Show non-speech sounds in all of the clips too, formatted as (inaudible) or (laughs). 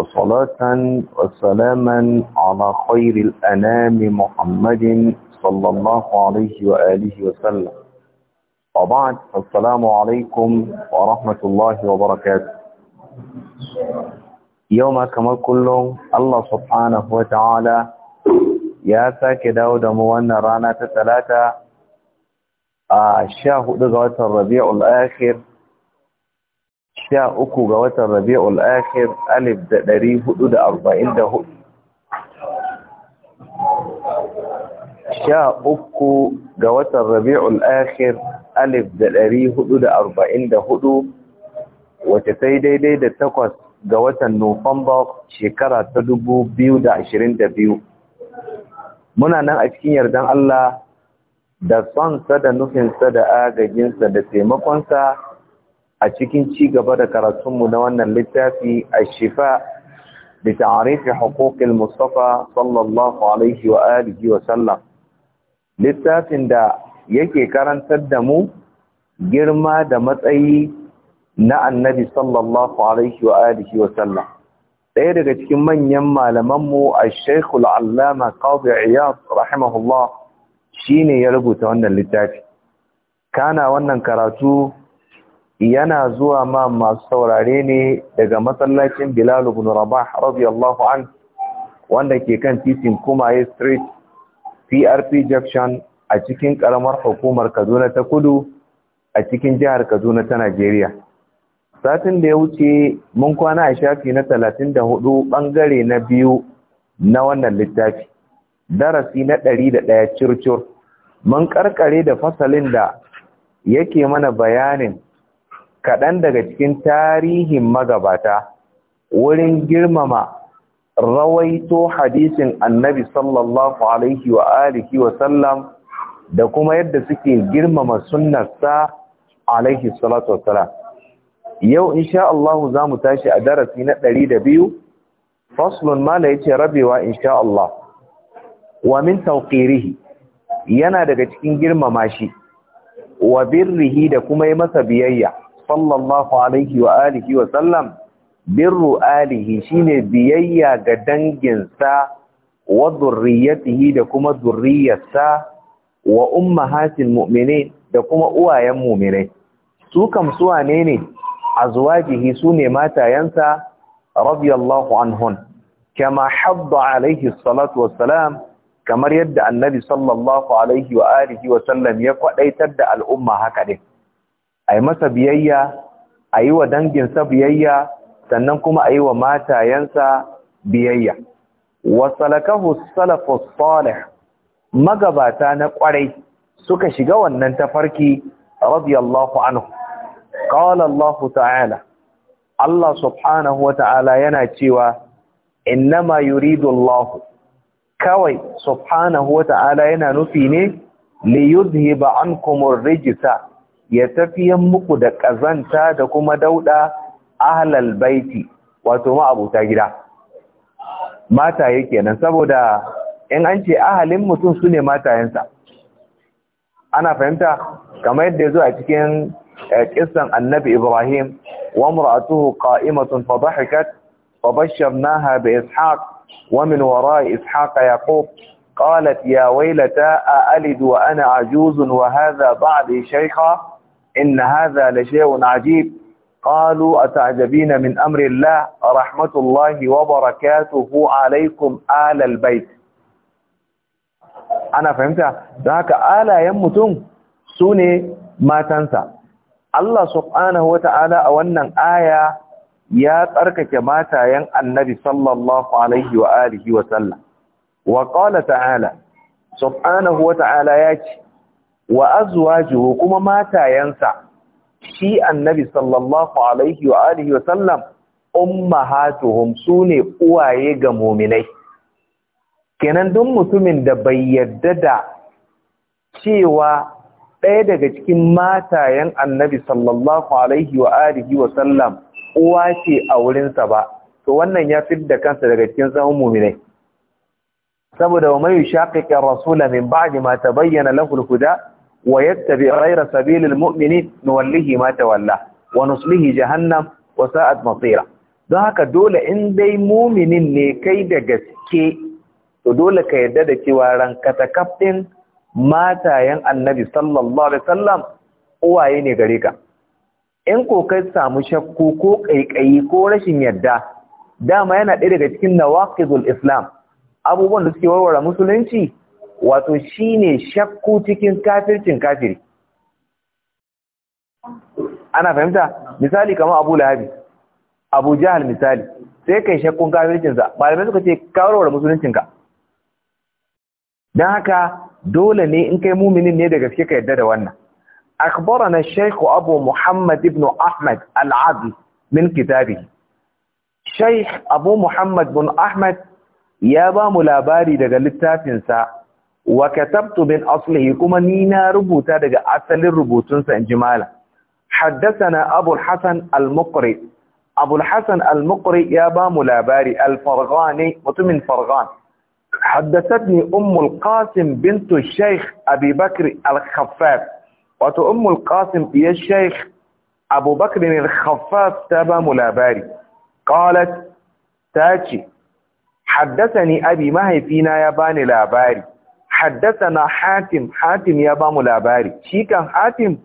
وصلاة وسلاما على خير الأنام محمد صلى الله عليه وآله وسلم وبعد السلام عليكم ورحمة الله وبركاته يوم كما كلهم الله سبحانه وتعالى يا ساك داود موانا رانا تتلاتة آه شاهد الربيع الآخر sha uku ga watan rabi'ul akhir alif da ɗari hudu da arba'in da hudu sha uku ga watan rabi'ul akhir alif da ɗari hudu da arba'in da hudu wace sai daidai da takwas ga watan Nufamba shekara ta dubu biyu da ashirin da biyu. Muna nan a cikin yardan Allah da sonsa da nufinsa da agajinsa da taimakonsa a cikin ci gaba da karatunmu na wannan littafi a shifa da ta'arifi haƙoƙin Mustapha sallallahu Alaihi wa alihi wa sallam. Littafin da yake karantar da mu girma da matsayi na annabi sallallahu Alaihi wa alihi wa sallam. Ɗaya daga cikin manyan malamanmu a Sheikhul Allama Qadi Iyad rahimahullah shi ne ya rubuta wannan littafi. Kana wannan karatu yana zuwa ma masu saurare ne daga masallacin Bilal ibn Rabah radiyallahu an wanda ke kan titin Kumaye Street PRP Junction a cikin karamar hukumar Kaduna ta Kudu a cikin jihar Kaduna ta Najeriya. Satin da ya wuce mun kwana a shafi na 34 bangare na biyu na wannan littafi. Darasi na 101 cur Mun karkare da fasalin da yake mana bayanin kaɗan daga cikin tarihin magabata wurin girmama rawaito hadisin annabi sallallahu alaihi wa alihi wa sallam da kuma yadda suke girmama sunnarsa alaihi salatu wassalam yau insha Allah za mu tashi a darasi na ɗari da biyu faslun mala ce rabewa insha Allah wa min tauƙirihi yana daga cikin girmama shi wa birrihi da kuma yi masa biyayya sallallahu alaihi wa alihi wa sallam birru alihi shine biyayya ga danginsa wa zurriyatihi da kuma zurriyarsa wa ummahatil mu'minin da kuma uwayen mu'minai su kam su wane ne azwajihi sune matayansa radiyallahu anhun kama habba alaihi salatu wassalam kamar yadda annabi sallallahu alaihi wa alihi wa sallam ya kwadaitar da al'umma haka din a yi masa biyayya a yi wa danginsa biyayya sannan kuma a yi wa matayensa biyayya wasalakahu salafus salih magabata na kwarai suka shiga wannan tafarki radiyallahu anhu qala ta'ala Allah subhanahu wa ta'ala yana cewa innama yuridu Allahu. kawai subhanahu wa ta'ala yana nufi ne li yuzhiba ankum ar-rijsa ya tafiyan muku da ƙazanta da kuma dauɗa ahlal baiti wato ma'abuta gida mataye kenan saboda in an ce ahalin mutum su ne matayensa ana fahimta kamar yadda ya zo a cikin ƙisan eh, annabi ibrahim wa mura'atuhu qa'imatun fa dhahikat fa basharnaha bi ishaq wa min wara'i ishaq yaqub qalat ya waylata wa ana ajuzun wa hadha ba'di shaykha إن هذا لشيء عجيب قالوا أتعجبين من أمر الله رحمة الله وبركاته عليكم آل البيت أنا فهمتها ذاك آل يمتم سوني ما تنسى الله سبحانه وتعالى أولا آية يا تركك ما تاين النبي صلى الله عليه وآله وسلم وقال تعالى سبحانه وتعالى ياتي wa azwajuhu kuma matayansa shi annabi sallallahu alaihi wa alihi wa sallam ummahatuhum sune uwaye ga mu'minai kenan duk mutumin da bai yarda da cewa ɗaya daga cikin matayen annabi sallallahu alaihi wa alihi wa sallam uwa ce a wurinsa ba to wannan ya fidda kansa daga cikin zaman mu'minai saboda wa mai shaqiqi rasula min ba'di ma tabayyana lahu al-huda Wa ويتبع غير سبيل mata walla, wa تولى ونصله wa sa'ad masira don haka dole in dai muminin ne kai da gaske to dole ka yadda da cewa ta kaftin matayen annabi sallallahu alaihi wasallam uwaye ne gare ka in ko kai samu shakku ko kaikayi ko rashin yadda dama yana ɗaya daga cikin nawaqidul islam abubuwan da suke warware musulunci wato shine shakku cikin kafircin kafiri ana fahimta misali kamar Abu Lahabi Abu Jahal misali sai kai shakkun kafircin sa malamai suka ce kawarwar musuluncin ka dan haka dole ne in kai muminin ne da gaske ka yarda da wannan abu muhammad Ibn ahmad al'adu min kitabi kitabi. abu muhammad bin ahmad ya ba mu labari daga littafinsa. wa katabtu min aslihi kuma ni na rubuta daga asalin rubutunsa in ji malam haddathana abul hasan al-muqri abul hasan al-muqri ya ba mu labari al-farghani mutumin farghan haddathatni ummul qasim bintu shaykh abi bakr al-khaffaf wato ummul qasim ya shaykh abu bakr al-khaffaf ta ba mu labari qalat tace haddathani abi mahaifina ya bani labari حدثنا حاتم حاتم يا با ملاباري شي كان حاتم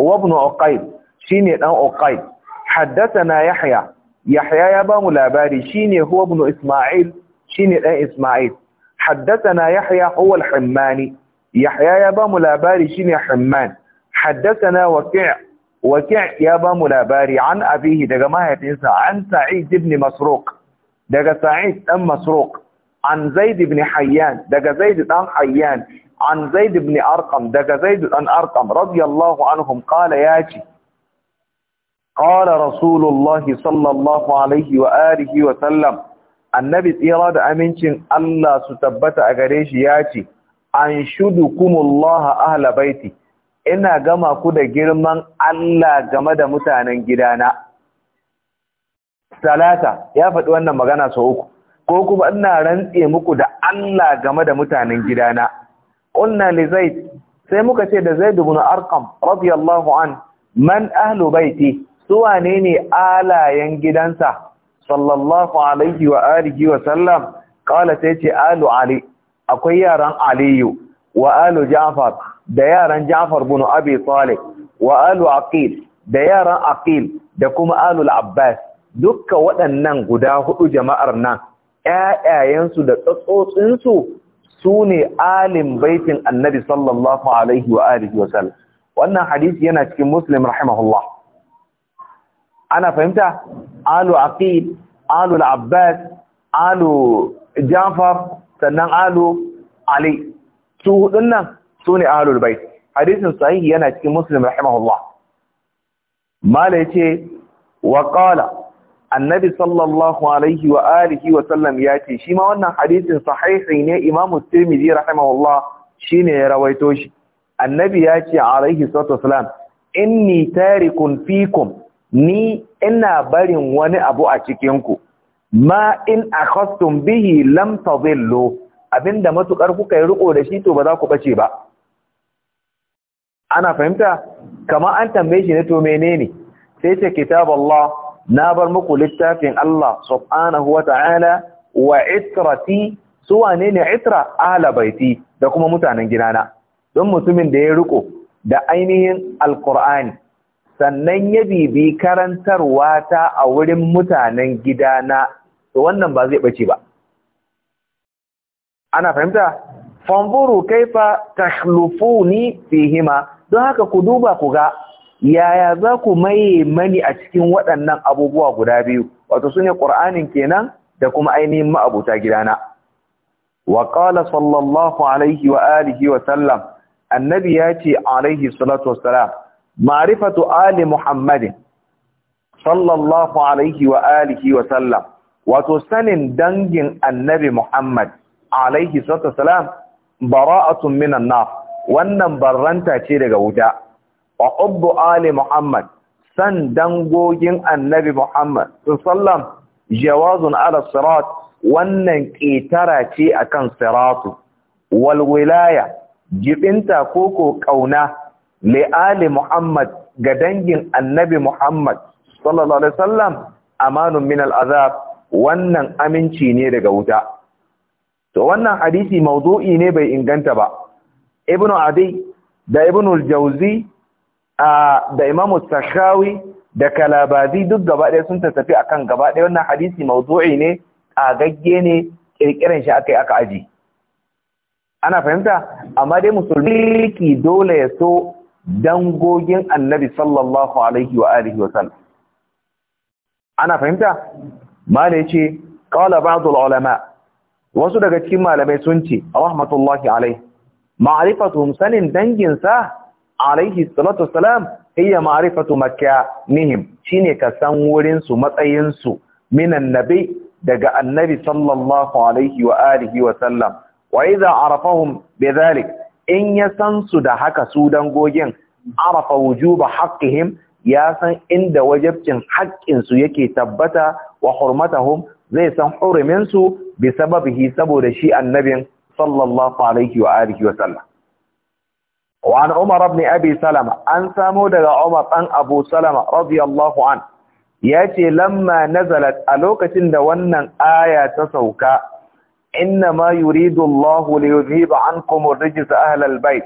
هو ابن عقيل شيني ني دان عقيل حدثنا يحيى يحيى يا با ملاباري شيني هو ابن اسماعيل شيني دان اسماعيل حدثنا يحيى هو الحماني يحيى يا با ملاباري شيني حمان حدثنا وكع وكع يا با ملاباري عن ابيه دغه ما هيتنسى عن سعيد بن مسروق دغه سعيد ام مسروق an zaid ibn hayyan daga zaid dan hayyan an zaid ibn arqam daga zaid dan arqam radiyallahu anhum qala yaci qala rasulullahi sallallahu alaihi wa alihi wa sallam annabi tsira da amincin Allah su tabbata a gare shi yaci an shudukumullah ahla baiti ina gama ku da girman Allah game da mutanen gidana salata ya faɗi wannan magana sau uku ko kuma ina rantse muku da Allah game da mutanen gidana qulna li zaid sai muka ce da zaid ibn arqam radiyallahu an man ahlu baiti su wanene ne alayen gidansa sallallahu alaihi wa alihi wa sallam sai ce alu ali akwai yaran aliyu wa alu ja'far da yaran ja'far bin abi talib wa alu aqil da yaran aqil da kuma alul abbas dukka waɗannan guda hudu jama'ar nan ƴaƴayensu da tsatsotsinsu su ne alim baitin annabi sallallahu alaihi wa alihi wa sallam wannan hadisi yana cikin muslim rahimahullah ana fahimta alu aqil alu al-abbas alu jafar sannan alu ali su hudun nan su ne ahlul bait hadisin sahihi yana cikin muslim rahimahullah mala yace wa qala annabi sallallahu alaihi wa alihi wa sallam ya ce shi ma wannan hadisin sahihi ne imam tirmidhi rahimahullah shine ya rawaito shi annabi ya ce alaihi salatu wasalam inni tarikun fikum ni ina barin wani abu a cikin ku ma in akhastum bihi lam tadillu abinda matukar kuka yi riko da shi to ba za ku bace ba ana fahimta kamar an tambaye shi ne to menene sai ce kitab Allah na bar muku littafin Allah subhanahu wa ta'ala wa itrati su wane ne itra ahla da kuma mutanen gidana don mutumin da ya riko da ainihin alqur'ani sannan ya bibi karantarwa ta a wurin mutanen gidana to wannan ba zai bace ba ana fahimta fanzuru kaifa tahlufuni fihima don haka ku duba ku ga yaya za ku maye mani a cikin waɗannan abubuwa guda biyu wato sune qur'anin kenan da kuma ainihin ma'abuta gidana wa qala sallallahu alaihi wa alihi wa sallam annabi ya ce alaihi salatu wassalam ma'rifatu ali muhammadin sallallahu alaihi wa alihi wa sallam wato sanin dangin annabi muhammad alaihi salatu wassalam bara'atun minan nar wannan barranta ce daga wuta wa hubbu ali muhammad san dangogin annabi muhammad sallam jawazun ala sirat wannan ƙetara ce akan siratu wal wilaya jibinta koko kauna li ali muhammad ga dangin annabi muhammad sallallahu alaihi wasallam amanun min al azab wannan aminci ne daga wuta to wannan hadisi mawdu'i ne bai inganta ba ibnu adi da ibnu al-jawzi da imamu sakhawi da kalabazi duk gaba ɗaya sun tattafi akan gaba ɗaya wannan hadisi mawdu'i ne a agagge ne ƙirƙirar shi yi aka aji ana fahimta amma dai musulmi ki dole ya so dangogin annabi sallallahu alaihi wa alihi wa sallam ana fahimta mala yace qala ba'd ulama wasu daga cikin malamai sun ce rahmatullahi alaihi ma'rifatuhum sanin dangin sa alaihi salatu wassalam hiya ma'rifatu makanihim shine ka san wurin su matsayin su minan nabi daga annabi sallallahu alaihi wa alihi wa sallam wa idza arafahum bidhalik in ya san su da haka su dangogin arafa wujuba haqqihim ya san inda wajabcin haƙƙin su yake tabbata wa hurmatahum zai san hurumin su bi sababihi saboda shi annabin sallallahu alaihi wa alihi wa sallam وعن عمر بن أبي سلمة أن سامو دغا عمر أن أبو سلمة رضي الله عنه ياتي لما نزلت ألوكة دونا آية تسوكا إنما يريد الله ليذهب عنكم الرجس أهل البيت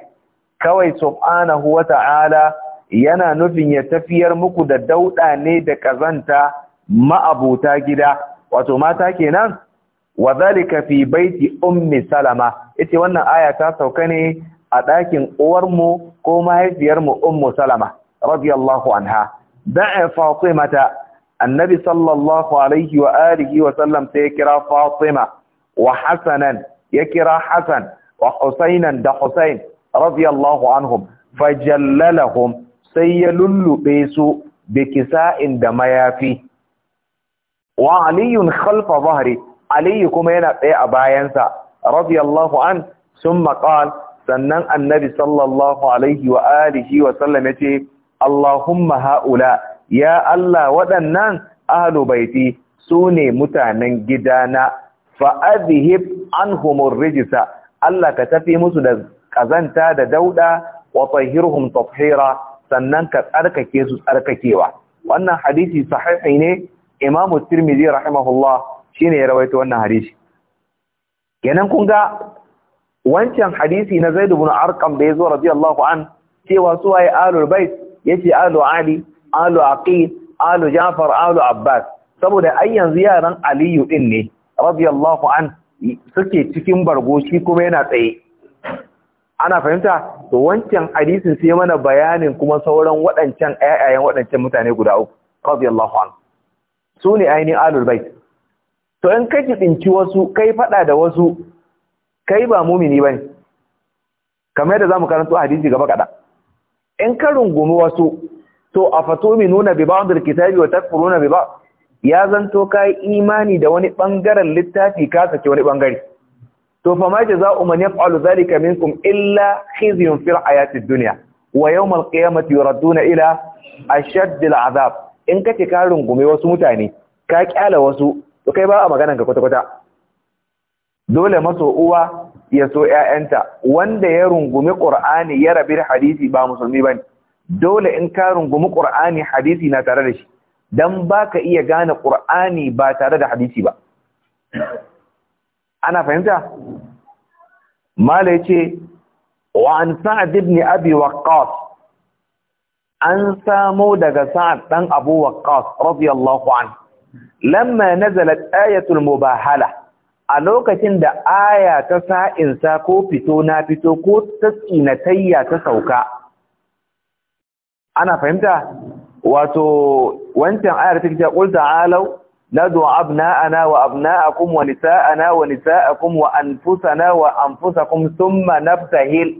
كوي سبحانه وتعالى yana nufin ya tafiyar muku da dauda ne da kazanta ma'abuta gida wato mata kenan wa zalika fi baiti ummi salama yace wannan aya ta sauka ne a ɗakin uwarmu ko mahaifiyarmu ummu salama radiyallahu anha da'a fatimata annabi sallallahu alaihi wa alihi wa sallam sai kira fatima wa hasanan ya kira hasan wa husainan da husain radiyallahu anhum fajallalahum sai ya lullube su bi kisa'in da mayafi wa aliyun khalfa zahri aliyu kuma yana tsaye a bayansa radiyallahu an summa qala sannan annabi sallallahu alaihi wa alihi wa sallam yace Allahumma haula ya Allah waɗannan ahlu baiti sune mutanen gidana fa adhib anhumur rijsa Allah ka tafi musu da kazanta da dauda wa tahhirhum tathira sannan ka tsarkake su tsarkakewa wannan hadisi sahihi ne Imam Tirmidhi rahimahullah shine ya rawaito wannan hadisi kenan kun ga wancan hadisi na Zaidu ibn Arqam da yazo radiyallahu an cewa su waye alul bait yace alu ali alu aqil alu jafar alu abbas saboda ai yanzu yaran aliyu din ne radiyallahu an suke cikin bargoshi kuma yana tsaye ana fahimta to wancan hadisin sai mana bayanin kuma sauran waɗancan ayayen waɗancan mutane guda uku radiyallahu an su ne ainihin alul bait to in ka jibinci wasu kai faɗa da wasu kai ba mumini bane kamar yadda zamu karanto hadisi gaba kada in ka rungumi wasu to nuna bi ba'dil kitabi wa takfuruna bi ba? ya zanto yi imani da wani bangaren littafi ka sake wani bangare to fa ma jazaa'u man yaf'alu dhalika minkum illa khizyun fil hayatid dunya wa yawm al qiyamati yuraduna ila ashadd al azab in kace ka rungume wasu mutane ka kyala wasu to kai ba a maganan ka kwata kwata dole maso uwa ya so ‘ya'yanta wanda ya rungumi ƙur'ani ya rabi da hadisi ba musulmi ba dole in ka rungumi ƙur'ani hadisi na tare da shi don ba ka iya gane ƙur'ani ba tare da hadisi ba ana fahimta mala ce wa an sa'ad ibn abi waqqas an samo daga sa'ad ɗan abu waqqas radiyallahu anhu lamma nazalat ayatul mubahala a lokacin da aya ta sa'insa ko fito na fito ko ta tayya ta sauka ana fahimta wato wancan ayar ta kice qul ta'alu nadu abna'ana wa abna'akum wa nisa'ana wa nisa'akum wa anfusana wa anfusakum thumma nabtahil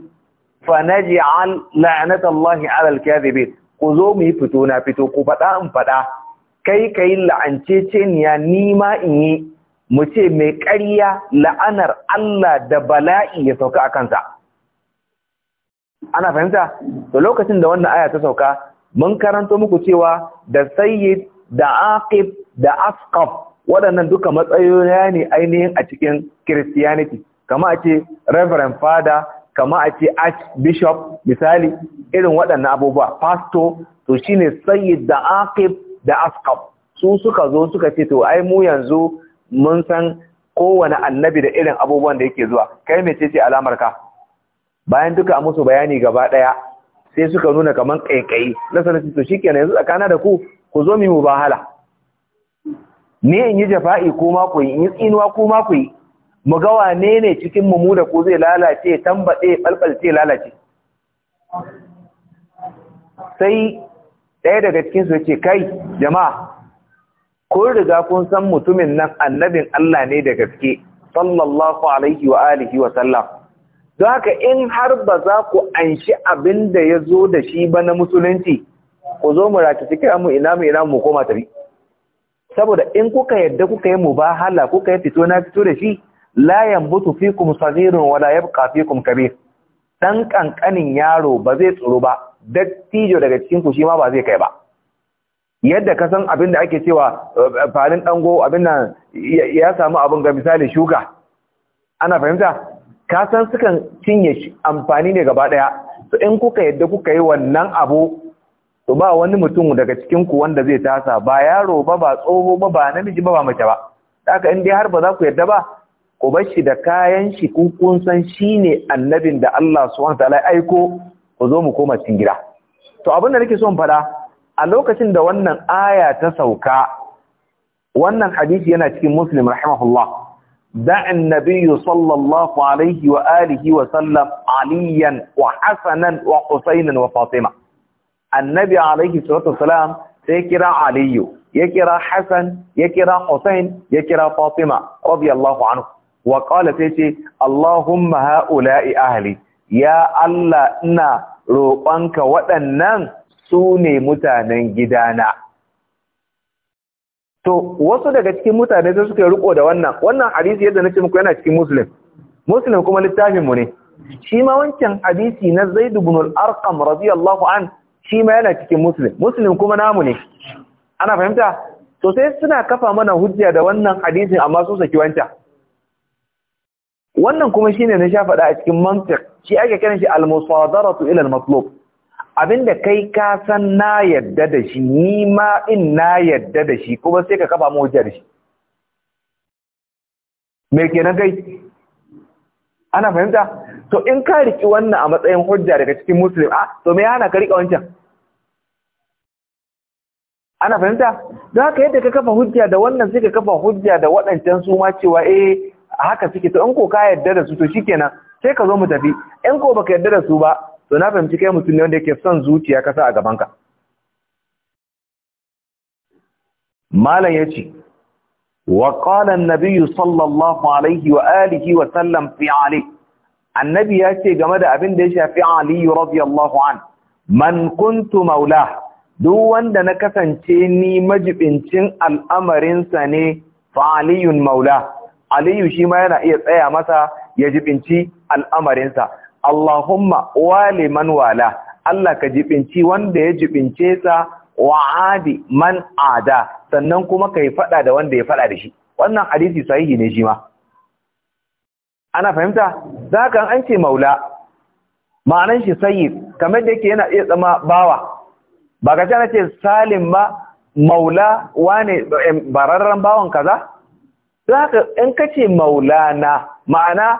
fanaj'al la'natallahi 'alal kadhibin ku zo mu yi fito na fito ku faɗa in faɗa kai la'ance la'anceceniya ni ma in yi mu ce mai ƙarya la'anar Allah da bala'i ya sauka a kansa ana fahimta to lokacin da wannan aya ta sauka mun karanto muku cewa da sayyid da aqib da asqaf waɗannan duka matsayoyi ne ainihin a cikin christianity kama a ce reverend father kama a ce archbishop misali irin waɗannan abubuwa pastor to shi ne sayyid da aqib da asqaf su suka zo suka ce to ai mu yanzu mun san kowane annabi da irin abubuwan da yake zuwa kai mece ce alamar ka bayan duka a musu bayani gaba daya sai suka nuna kamar kaikayi na sanarci to na yanzu tsakana da ku ku zo mu bahala. ni in yi jafa'i ko ma in yi tsinuwa ko ma ku yi mu ga wane ne cikin mu da ku zai lalace tambade balbalce lalace sai ɗaya daga cikin su ce kai jama'a kun riga kun san mutumin nan annabin Allah ne da gaske sallallahu alaihi wa alihi wa sallam don haka in har ba za ku anshi abin da ya zo da shi ba na musulunci ku zo mu raki mu ina mu ina mu koma tabi saboda in kuka yadda kuka yi mubahala kuka yi fito na fito da shi la yambutu fikum saghirun wala yabqa fikum kabir dan kankanin yaro ba zai tsoro ba dattijo daga cikin ku shi ma ba zai kai ba yadda ka san abin da ake cewa eh, farin dango abin nan ya samu abin ga misali shuka ana fahimta ka san sukan cinye amfani ne gaba daya to in kuka yadda kuka yi wannan abu to ba wani mutum daga cikin ku wanda zai tasa ba yaro ba ba tsoho ba ba namiji ba ba mace ba haka in dai har ba za ku yadda ba ku bar shi da kayan shi kun kun san shine annabin da Allah subhanahu wa aiko ku zo mu koma cikin gida to abin da nake so in faɗa a lokacin da wannan aya ta sauka wannan hadisi yana cikin muslim rahimahullah دعا النبي صلى الله عليه وآله وسلم عليا وحسنا وحسينا وفاطمة النبي عليه الصلاة والسلام يكرا علي يكرا حسن يكرا حسين يكرا فاطمة رضي الله عنه وقال تيتي اللهم هؤلاء أهلي يا الله إنا روبانك وأنان su ne mutanen gidana to wasu daga cikin mutane sai suka riko da wannan wannan hadisi yadda nace muku yana cikin muslim muslim kuma littafin mu ne shi ma wancan hadisi na zaid ibn al-arqam radiyallahu an shi ma yana cikin muslim muslim kuma namu ne ana fahimta to sai suna kafa mana hujja da wannan hadisin amma su saki wancan wannan kuma shine na sha faɗa a cikin mantiq shi ake kiran shi al-musadaratu ila al-matlub abinda kai ka san na yadda da shi ni ma in na yadda da shi kuma sai ka kafa mu da shi me kenan kai ana fahimta to in ka riki wannan a matsayin hujja daga cikin muslim ah to me yana ka rika wancan ana fahimta don haka yadda ka kafa hujja da wannan sai ka kafa hujja da waɗancan su ma cewa eh haka suke to in ko ka yadda da su to shikenan sai ka zo mu tafi in ko baka yadda da su ba So na fahimci kai mutum ne wanda yake son zuciya kasa a gabanka malam yace wa qala Nabiyu sallallahu alaihi wa alihi wa sallam fi ali annabi yace game da abin da ya shafi ali radiyallahu an man kuntu maula duk wanda na kasance ni majibincin al'amarinsa ne fa aliyun maula aliyu shi ma yana iya tsaya masa ya jibinci al'amarinsa Allahumma wali man wala Allah ka jibinci wanda ya jibince sa wa adi man ada sannan kuma kai fada da wanda ya fada da shi wannan hadisi sahihi ne shi ma ana fahimta zaka an ce maula ma'anan shi sayyid kamar da yake yana iya zama bawa ba ka tana ce salim ba maula wane bararren bawan kaza zaka in kace na? ma'ana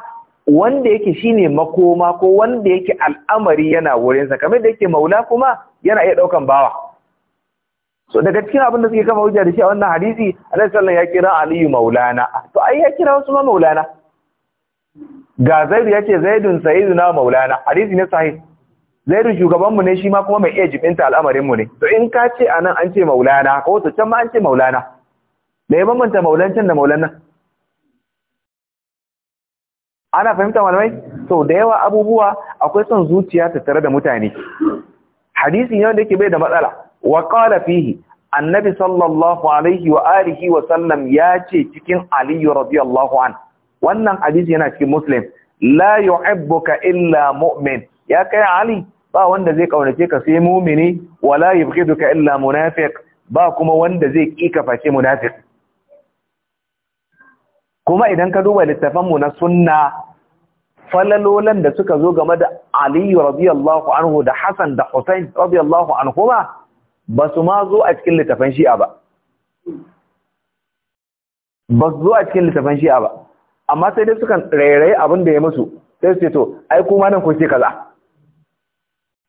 wanda yake shine makoma ko wanda yake al'amari yana wurinsa kamar da yake maula kuma yana iya ɗaukan bawa so daga cikin abin da suke kama hujja da shi a wannan hadisi annabi sallallahu ya kira aliyu maulana to ai ya kira wasu ma maulana ga zaidu ya ce zaidun sayyiduna maulana hadisi ne sahih zaidun shugaban mu ne shi ma kuma mai iya jibinta al'amarin mu ne to in ka ce anan an ce maulana ko to can ma an ce maulana da ya bambanta maulancin da maulana ana fahimta malamai so da yawa abubuwa akwai son zuciya tare da mutane hadisi ne wanda yake bai da matsala wa qala fihi annabi sallallahu alaihi wa alihi wa sallam ya ce cikin aliyu radiyallahu an wannan hadisi yana cikin muslim la yuhibbuka illa mu'min ya kai ali ba wanda zai kaunace ka sai mu'mini wala yubghiduka illa munafiq ba kuma wanda zai kika face munafiq kuma idan ka duba littafanmu na sunna falalolan da suka zo game da aliyu radiyallahu anhu da hassan da hussein radiyallahu anhu ba su ma zo a cikin littafan shi'a ba ba su zo a cikin littafan shi'a ba amma sai dai sukan rairayi abin da ya musu sai su to ai kuma nan kun ce kaza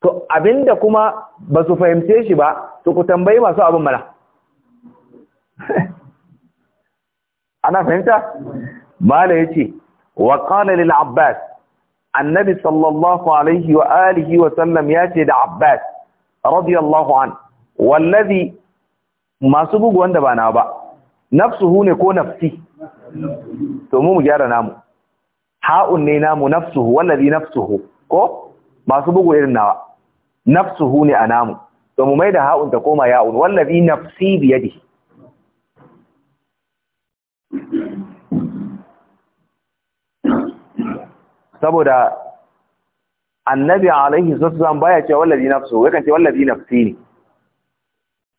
to abinda kuma ba su fahimce shi ba to ku tambayi masu abin mana (laughs) ana fahimta mala yace wa qala lil abbas annabi sallallahu alaihi wa alihi wa sallam yace da abbas radiyallahu an wallazi masu bugu wanda ba na ba nafsuhu ne ko nafsi to mu mu gyara namu ha'un ne namu nafsuhu wallazi nafsuhu ko masu bugu irin nawa nafsuhu ne a namu to mu maida ha'un ta koma ya'un wallazi nafsi biyadihi saboda annabi alaihi sallam baya cewa wallazi nafsu yakan ce wallazi nafsi ne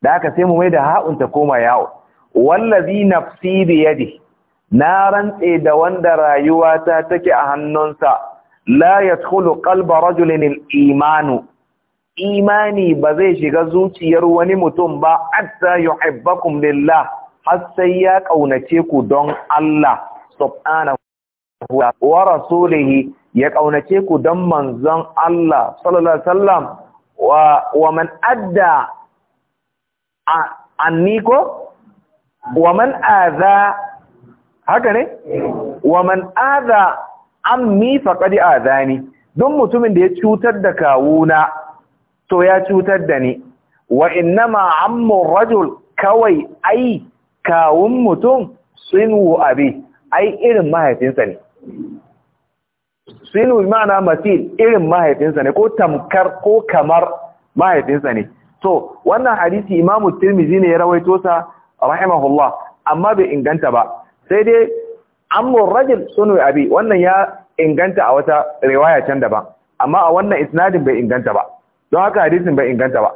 da aka sai mu mai da ha'un ta koma yawo wallazi nafsi bi yadi na rantse da wanda rayuwata take a hannunsa la yadkhulu qalba rajulin al-imanu imani ba zai shiga zuciyar wani mutum ba hatta yuhibbakum lillah har sai ya kaunace ku don Allah subhanahu wa rasulihi ya kaunace ku dan manzon Allah sallallahu alaihi wasallam wa man adda anniko wa man adha haka ne wa man adha ammi faqad adhani duk mutumin da ya cutar da kawuna to ya cutar da ni wa innama ammu rajul kawai ai kawun mutum sun abi ai irin mahaifinsa ne sinu ma'ana matil irin mahaifinsa ne ko tamkar ko kamar mahaifinsa ne to wannan hadisi imamu tirmizi ne ya rawaito sa rahimahullah amma bai inganta ba sai dai amrul rajul sunu abi wannan ya inganta a wata riwaya can daban amma a wannan isnadin bai inganta ba don haka hadisin bai inganta ba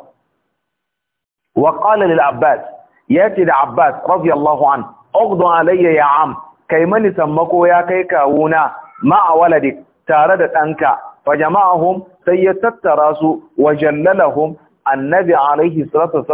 wa qala lil abbas yati da abbas radiyallahu an ughdu alayya ya am kai mani sammako ya kai kawuna ma'a waladi tare da ɗanka fa jama'ahum sai ya tattara su wa jallalahum annabi alaihi salatu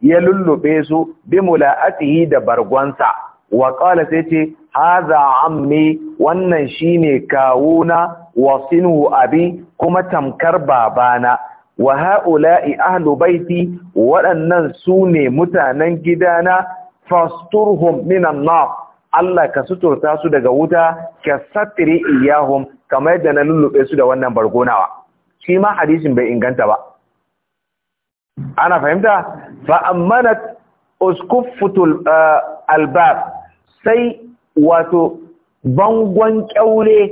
ya lullube su bi mula'atihi da bargonsa wa qala sai ce hadha ammi wannan shine kawuna wa sinu abi kuma tamkar babana wa ha'ula'i ahlu baiti waɗannan su ne mutanen gidana fasturhum minan nar Allah ka suturta su daga wuta ka satri iyahum kamar yadda na lullube su da wannan bargonawa shi ma hadisin bai inganta ba ana fahimta fa ammanat uskuffutul eh, albab sai wato bangon kyaure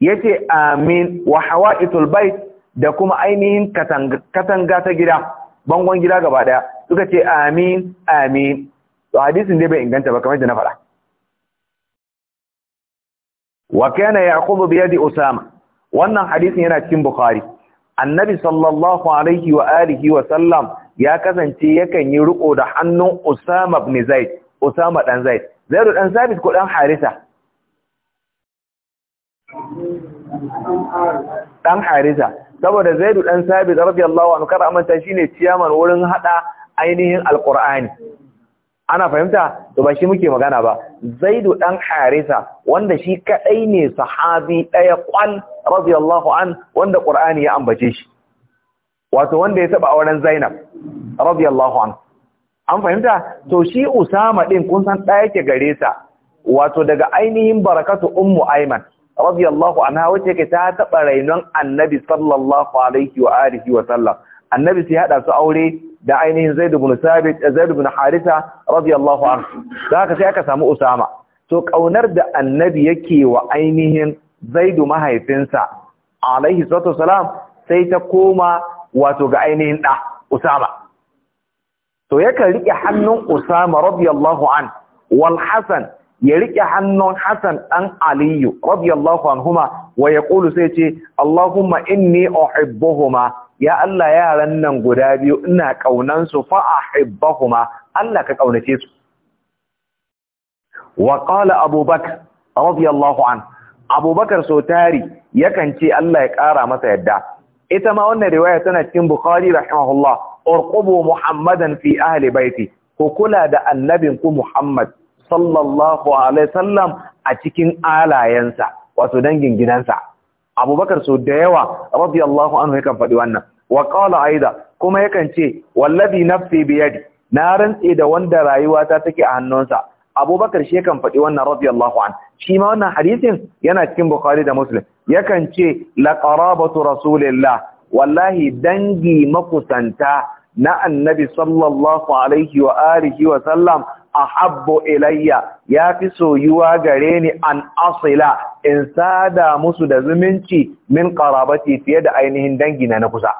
yace amin wa hawaitul bait da kuma ainihin katanga ta gida bangon gida gaba daya suka ce amin amin to hadisin dai bai inganta ba kamar yadda na faɗa wa kana ya'khudhu bi yadi usama wannan hadisin yana cikin bukhari annabi sallallahu alaihi wa alihi wa sallam ya kasance yakan yi riko da hannun usama ibn zaid usama dan zaid zaid dan sabit ko dan harisa dan harisa saboda zaid dan sabit radiyallahu anhu kada amanta shine ciyaman wurin hada ainihin alqur'ani ana fahimta to ba shi muke magana ba zaidu dan harisa wanda shi kadai ne sahabi daya qal radiyallahu an wanda qur'ani ya ambace shi wato wanda ya taba auren zainab radiyallahu an an fahimta to shi usama din kun san daya ke gare sa wato daga ainihin barakatu ummu aiman radiyallahu anha wace ke ta taba rainon annabi sallallahu alaihi wa alihi wa sallam annabi sai hada su aure da ainihin Zaid ibn Sabit Zaid ibn Haritha radiyallahu anhu da haka sai aka samu Usama to kaunar da annabi yake wa ainihin Zaid mahaifinsa alaihi salatu wasalam sai ta koma wato ga ainihin da Usama to yakan rike hannun Usama radiyallahu an wal Hasan ya rike hannun Hassan ɗan Aliyu, radiyallahu anhuma, wa ya ƙulu sai ce, Allahumma inni uhibbuhuma ya Allah yaran nan guda biyu ina kaunan su fa ahibbahuma Allah ka kaunace su wa qala abubakar radiyallahu an abubakar sotari yakan ce Allah ya kara masa yadda ita ma wannan riwaya tana cikin bukhari rahimahullah urqubu muhammadan fi ahli baiti Ku kula da annabinku muhammad sallallahu alaihi wasallam a cikin alayensa wato dangin gidansa abubakar so da yawa radiyallahu anhu yakan faɗi wannan wa qala aida kuma yakan ce wallazi nafsi bi na rantse da wanda rayuwata take a hannunsa abubakar shi yakan faɗi wannan radiyallahu an shi ma wannan hadisin yana cikin bukhari da muslim yakan ce la qarabatu rasulillah wallahi dangi makusanta na annabi sallallahu alaihi wa alihi wa sallam ahabbu ilayya ya fi soyuwa gare ni an asila in sada musu da zumunci min karabati fiye da ainihin dangi na kusa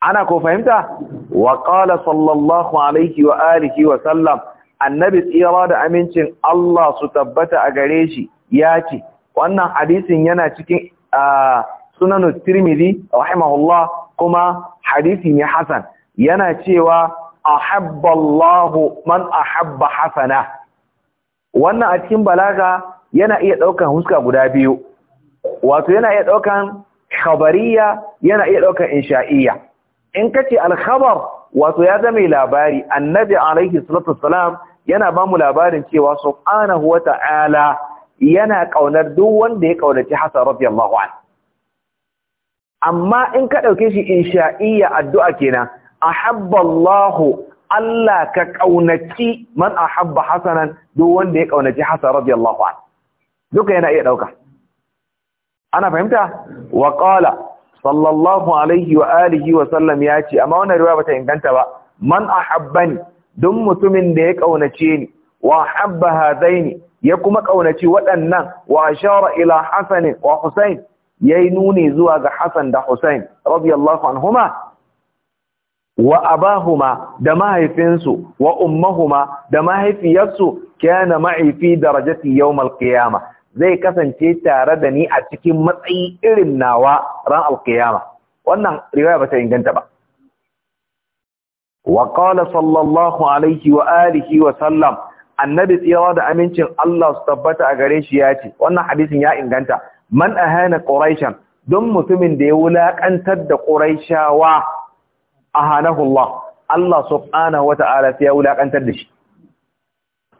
ana ko fahimta wa ƙala sallallahu alaihi wa alihi wa sallam annabi tsira da amincin Allah su tabbata a gare shi ya ce wannan hadisin yana cikin sunan tirmidhi rahimahullah kuma hadisi ne Hassan yana cewa Ahabballahu Allahu man ahabba hasana wannan a cikin balaga yana iya daukan huska guda biyu wato yana iya daukan khabariya yana iya daukan insha'iyya in kace al-khabar wato ya zama labari annabi alaihi salatu wassalam yana ba mu labarin cewa subhanahu wata'ala yana kaunar duk wanda ya kaunaci hasan radiyallahu anhu amma in ka dauke shi insha'iyya addu'a kenan ahabballahu Allah ka kaunaci man ahabba hasanan duk wanda ya kaunaci hasan radiyallahu anhu duka yana iya dauka ana fahimta wa qala sallallahu alaihi wa alihi wa sallam ya ce amma wannan riwaya bata inganta ba man ahabbani duk mutumin da ya kaunace ni wa habba hadaini ya kuma kaunaci waɗannan wa ashara ila hasan wa husain yayi nuni zuwa ga hasan da husain radiyallahu anhuma wa abahuma da mahaifinsu wa ummahuma da mahaifiyarsu kana ma'i fi darajati yawmal qiyama zai kasance tare da ni a cikin matsayi irin nawa ran alqiyama wannan riwaya ba ta inganta ba wa qala sallallahu alaihi wa alihi wa sallam annabi tsira da amincin Allah su tabbata a gare shi ya ce wannan hadisin ya inganta man ahana quraishan don mutumin da ya wulakantar da quraishawa ahanahu Allah Allah subhanahu wata'ala sai ya wulakantar da shi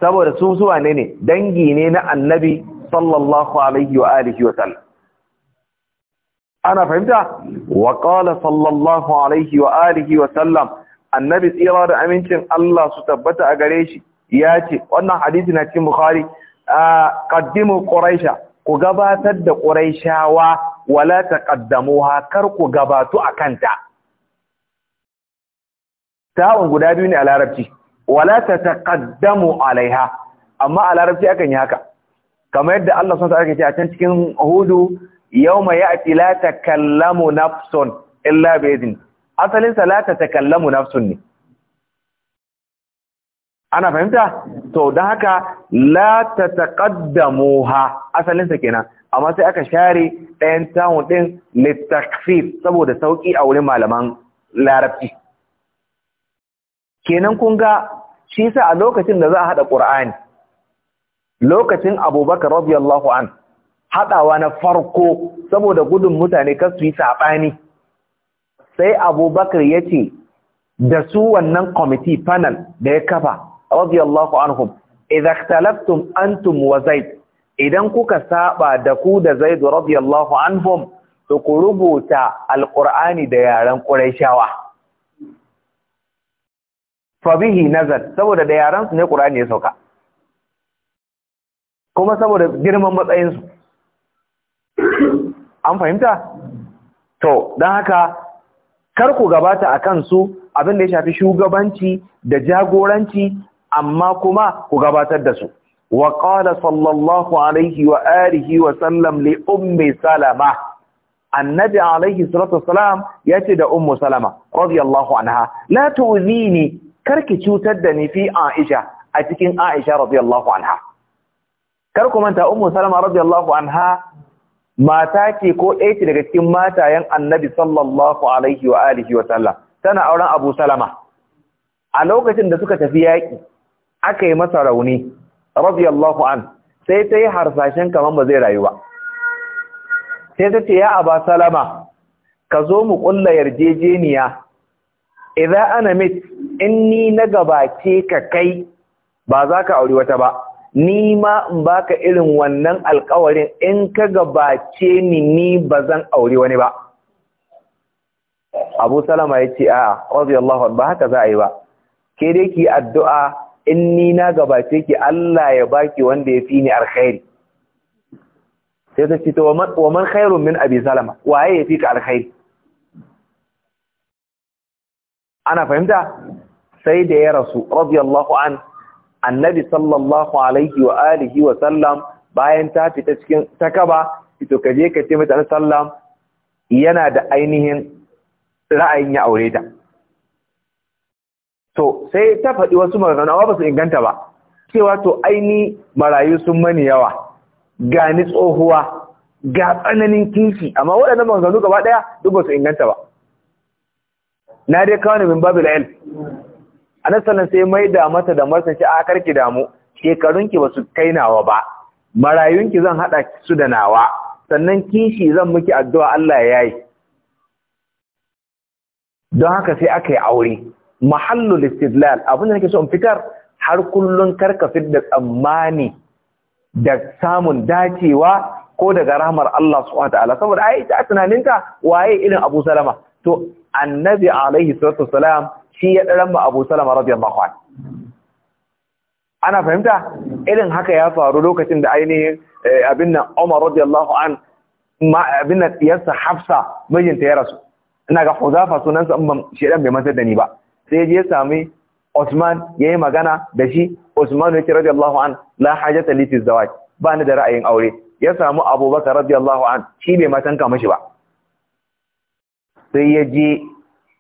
saboda su suwa ne ne dangi ne na annabi sallallahu alaihi wa alihi wa sallam ana fahimta wa qala sallallahu alaihi wa alihi wa sallam annabi tsira da amincin Allah su tabbata a gare shi ya ce wannan hadisi na cikin bukhari qaddimu quraisha ku gabatar da quraishawa wala taqaddamuha kar ku gabatu akanta tawun guda biyu ne a larabci wala ta taqaddamu alaiha amma a larabci akan yi haka kamar yadda Allah sun sarki a can cikin hudu yawma ya'ti la takallamu nafsun illa bi idin asalin sa la takallamu nafsun ne ana fahimta to don haka la tataqaddamuha asalin sa kenan amma sai aka share ɗayan tawun din litakfif saboda sauki a wurin malaman larabci kenan kun ga shi sa a lokacin da za a haɗa ƙur'ani lokacin abubakar radiyallahu an haɗawa na farko saboda gudun mutane kan su yi saɓani sai abubakar ya ce da su wannan kwamiti panel da ya kafa radiyallahu anhum idza ikhtalaftum antum wa zaid idan kuka saba da ku da zaid radiyallahu anhum to ku rubuta alqur'ani da yaran qurayshawa fabihi nazar saboda da yaran su ne qur'ani ya sauka kuma saboda girman matsayinsu. an fahimta to don haka kar ku gabata a kansu, abin da ya shafi shugabanci da jagoranci amma kuma ku gabatar da su wa qala sallallahu alaihi wa arihi wa sallam li umme salama annabi alaihi salatu salam ya ce da umme salama radiyallahu anha la tu'zini kar ki cutar da ni fi Aisha a cikin Aisha radiyallahu anha kar ku manta ummu salama radiyallahu anha mata ce ko ɗaya ce daga cikin matayen annabi sallallahu alaihi wa alihi wa sallam tana auren abu salama a lokacin da suka tafi yaƙi aka yi masa rauni radiyallahu an sai ta yi harsashen kamar ba zai rayu ba sai ta ce ya aba salama ka zo mu ƙulla yarjejeniya idan ana mit in ni na gabace ka kai ba za ka auri wata ba ni ma in baka irin wannan alkawarin in ka gabace ni ni ba zan auri wani ba Abu Salama ya ce a'a radiyallahu ba haka za a yi ba ke dai ki addu'a in ni na gabace ki Allah ya baki wanda ya fi ni alkhairi sai ta ce to wa man khairun min Abi Salama waye ya fi ka alkhairi ana fahimta sai da ya rasu radiyallahu an annabi sallallahu alaihi wa alihi wa sallam bayan ta fita cikin takaba fito ka je ka ce mata sallam yana da ainihin ra'ayin ya aure ta to sai ta faɗi wasu maganganu ba su inganta ba cewa to aini marayu sun mani yawa gani tsohuwa ga tsananin kishi amma waɗannan maganganu gaba ɗaya duk ba su inganta ba na dai kawo ne min babu anas sallan sai mai da mata da marsa shi a karki damu shekarunki ba su kai nawa ba marayunki zan haɗa su da nawa sannan kishi zan miki addu'a Allah ya yi don haka sai aka yi aure mahallul istidlal abin da nake so in fitar har kullun karka da tsammani da samun dacewa ko daga rahmar Allah subhanahu wataala saboda ai ta tunaninta waye irin Abu Salama to annabi alaihi salatu wasalam shi ya ɗaran ma Abu Salama rabiyar anhu ana fahimta irin haka ya faru lokacin da ainihin eh, abin nan Umar radiyallahu an abin nan yasa Hafsa mijinta ya rasu ina ga Huzafa sunansa in ban shedan bai masar da ni ba sai ya je ya sami ya yi magana da shi Usman yake radiyallahu an la hajjata lifis da ba ni da ra'ayin aure ya samu Abubakar radiyallahu an shi bai matanka mashi ba sai ya je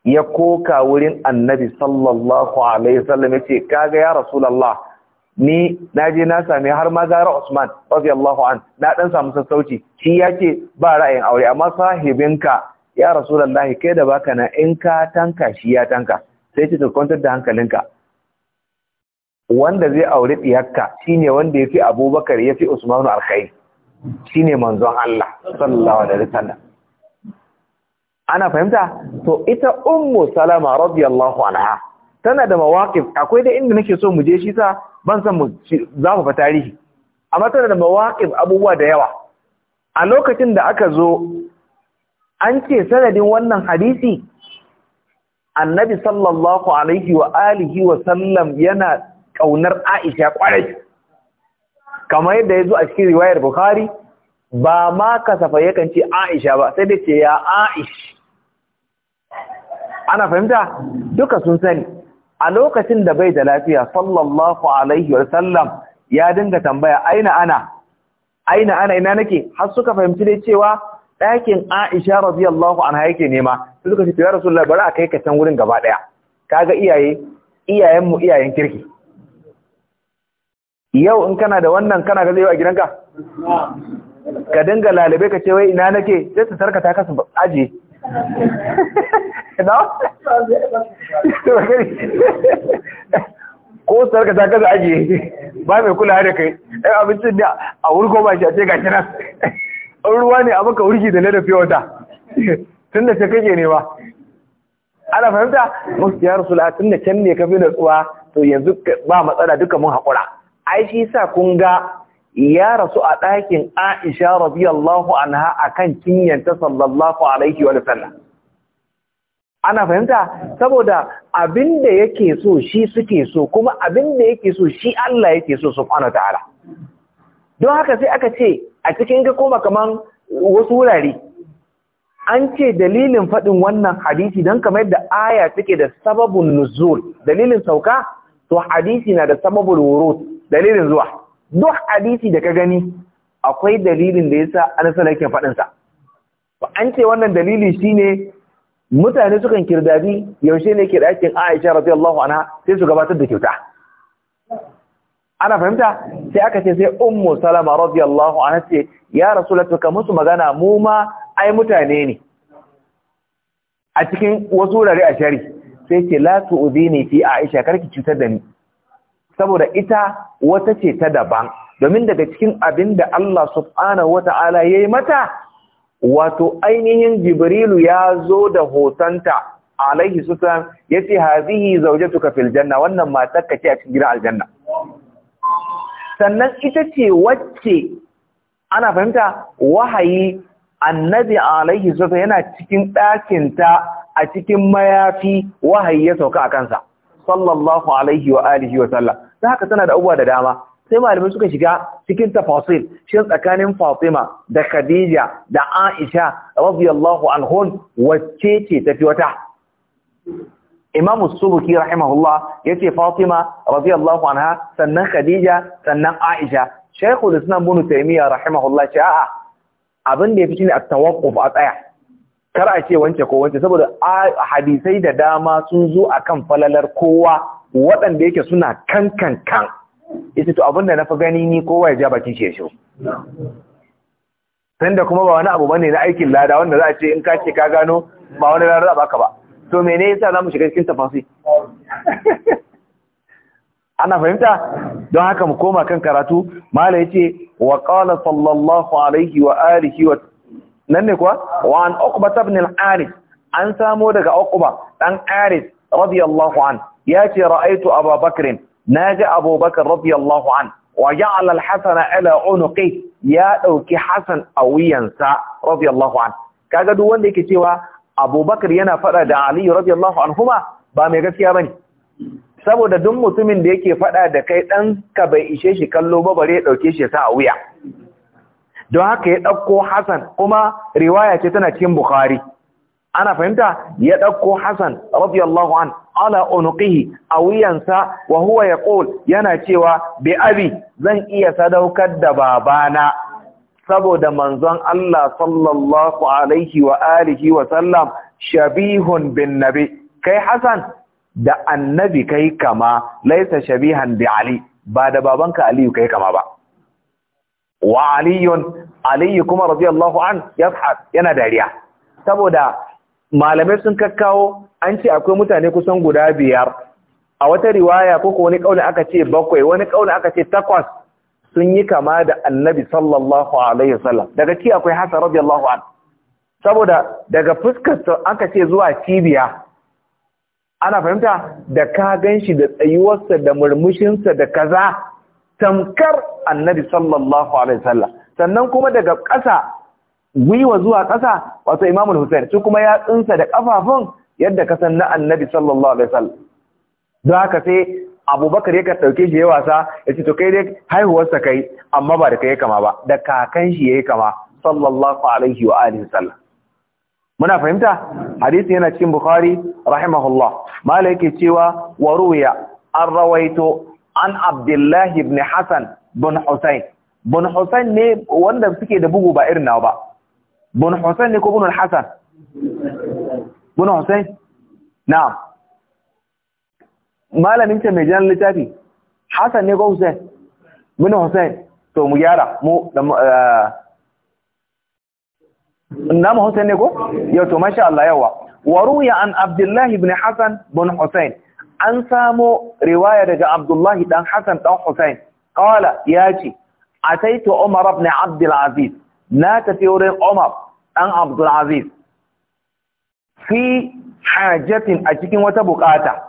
ya koka wurin annabi sallallahu alaihi wasallam ya ce kaga ya rasulullah ni na je na sami har ma gara Usman radiyallahu an na dan samu sassauci shi yake ba ra'ayin aure amma sahibinka ya rasulullah kai da baka na in ka tanka shi ya tanka sai ce ka kwantar da hankalinka wanda zai aure diyakka shine wanda yafi Abubakar yafi Usman alkhair shine manzon Allah sallallahu alaihi wasallam ana fahimta to ita ummu salama radiyallahu anha tana da mawaqif akwai da inda nake so mu je shi sa ban san mu za mu fa tarihi amma tana da mawaqif abubuwa da yawa a lokacin da aka zo an ce sanadin wannan hadisi annabi sallallahu alaihi wa alihi wa sallam yana kaunar Aisha kwarai kamar yadda yazo a cikin riwayar Bukhari ba ma kasafa yakan ce Aisha ba sai da ce ya Aisha. ana fahimta duka sun sani a lokacin da bai da lafiya sallallahu alaihi wa sallam ya dinga tambaya aina ana aina ana ina nake har suka fahimci dai cewa ɗakin Aisha radiyallahu anha yake nema suka ce ya rasulullahi bari a kai ka can wurin gaba daya kaga iyaye iyayen mu iyayen kirki yau in kana da wannan kana ga zai a gidanka ka dinga lalibai ka ce wai ina nake sai ta sarka ka su aje ko sarka ta kaza ajiye ba mai kula da kai ai abincin da a wurgo ba shi a ce ga shi nan ruwa ne a maka wurgi da ladafi wata tun da ta kake ne ba ana fahimta musu ya rasu tun da can ne ka fi natsuwa to yanzu ba matsala duka mun haƙura ai shi sa kun ga ya rasu a ɗakin Aisha radiyallahu anha kan kinyanta sallallahu alaihi wa sallam ana fahimta saboda abin da yake so shi suke so kuma abin da yake so shi Allah yake so subhanahu ta'ala don haka sai aka ce a cikin ga koma kaman wasu wurare an ce dalilin faɗin wannan hadisi don kamar yadda aya take da sababin nuzul dalilin sauka to hadisi na da sababin wuro dalilin zuwa duk hadisi da ka gani akwai dalilin da yasa an sanar yake faɗinsa an ce wannan dalili shine mutane sukan kirdadi yaushe ne ke ɗakin Aisha radiyallahu anha sai su gabatar da kyauta ana fahimta sai aka ce sai ummu salama radiyallahu anha ce ya rasulatu ka musu magana mu ma ai mutane ne a cikin wasu wurare a shari sai ce la tu'dini fi Aisha karki cutar da ni saboda ita wata ce ta daban domin daga cikin abin da Allah subhanahu wata'ala yayi mata wato ainihin jibrilu ya zo da hotonta alaihi sutan ya ce hazihi zauje fil janna wannan matarka ce a cikin gidan aljanna sannan ita ce wacce ana fahimta wahayi annabi alaihi sutan yana cikin ɗakinta a cikin mayafi wahayi ya sauka a kansa sallallahu alaihi wa alihi wa sallam ta haka tana da abubuwa da dama sai malamai suka shiga cikin tafasil shi tsakanin Fatima da Khadija da Aisha radiyallahu anhun wacce ce tafi wata Imam subuki rahimahullah yace Fatima radiyallahu anha sannan Khadija sannan Aisha Sheikhul Islam Ibn Taymiyyah rahimahullah ce a'a abin da yafi shine at-tawaqquf a tsaya kar a ce wance ko wance saboda hadisai da dama sun zo akan falalar kowa waɗanda yake suna kankan kan, kan. ita to abin na fi gani ni kowa ya ja bakin shi ya shau da kuma ba wani abu bane na aikin lada wanda za a ce in ka ce ka gano ba wani lada za baka ba to mene yasa za mu shiga cikin tafasi (laughs) ana fahimta don haka mu koma kan karatu malai yace wa qala sallallahu alaihi wa alihi wa nan ne kuwa wa an uqba ibn al arif an samo daga uqba dan arif radiyallahu an yace ra'aytu abubakar Na ga abubakar radiyallahu an wa ja'ala al hasana ala unqi ya dauki hasan a wuyansa radiyallahu an kaga duk wanda yake cewa abubakar yana fada da ali radiyallahu anhuma ba mai gaskiya bane saboda duk mutumin da yake fada da kai dan ka bai ishe shi kallo ba bare ya dauke shi sa a wuya don haka ya dauko hasan kuma riwaya ce tana cikin bukhari ana fahimta ya dauko Hassan radiyallahu an ala unuqihi a wuyansa wa huwa yaqul yana cewa bi abi zan iya sadaukar da babana saboda manzon Allah sallallahu alaihi wa alihi wa sallam shabihun bin nabi kai Hassan da annabi kai kama laisa shabihan bi ali ba da babanka aliyu kai kama ba wa aliyun aliyu kuma radiyallahu an yashab yana dariya saboda malamai sun kakkawo an ce akwai mutane kusan guda biyar a wata riwaya ko wani kauli aka ce bakwai wani kauli aka ce takwas sun yi kama da annabi sallallahu alaihi wasallam daga ci akwai hasan radiyallahu an saboda daga fuskar aka ce zuwa cibiya ana fahimta da ka ganshi da tsayuwarsa da murmushinsa da kaza tamkar annabi sallallahu alaihi wasallam sannan kuma daga ƙasa gwiwa zuwa ƙasa wato Imam Hussein shi kuma ya tsinsa da ƙafafun yadda ka san na Annabi sallallahu alaihi wasallam don haka sai Abubakar yakan dauke shi ya wasa ya ce to kai dai haihuwarsa kai amma ba da kai kama ba da kakan shi yayi kama sallallahu alaihi wa alihi wasallam muna fahimta hadisi yana cikin Bukhari rahimahullah malai yake cewa wa ruwiya an rawaito an Abdullahi ibn Hassan bin Hussein bin Hussein ne wanda suke da bugu ba irin nawa ba بن حسين نيكو بن الحسن بن حسين نعم مالم انت ميجان لتافي حسن نيكو حسين بن حسين تو مجارة مو لما آه. نعم حسين نيكو يو تو ما شاء الله يو وروي عن عبد الله بن حسن بن حسين an samu riwaya daga abdullahi dan hassan dan hussein kawala ya ce a taito umar abu ne abdullazi na tafi ɗan Abdulaziz fi hajatin a cikin wata bukata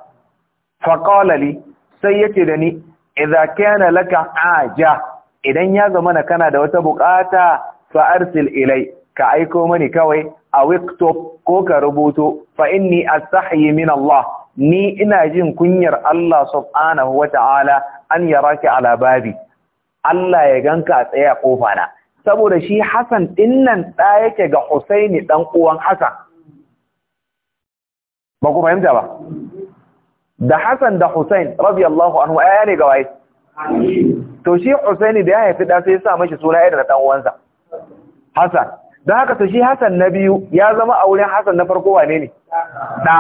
faƙalali sai yake da ni idza kana laka haja idan ya zama na kana da wata bukata fa arsil ilai ka aiko mani kawai a wiktop ko ka rubuto fa inni astahyi min Allah ni ina jin kunyar Allah subhanahu wa Ta'ala, an yaraki ala babi Allah ya ganka a tsaye a kofa na saboda shi Hassan dinnan ɗa yake ga Husaini ɗan uwan Hassan. Ba ku fahimta ba? Da Hassan da Husain, radiyallahu anhu, ya ne ga waye. To shi Husaini da ya haifi ɗa sai ya sa mashi suna irin ɗan uwansa. Hassan. Don haka to shi Hassan na biyu ya zama a wurin Hassan na farko wane ne? Ɗa.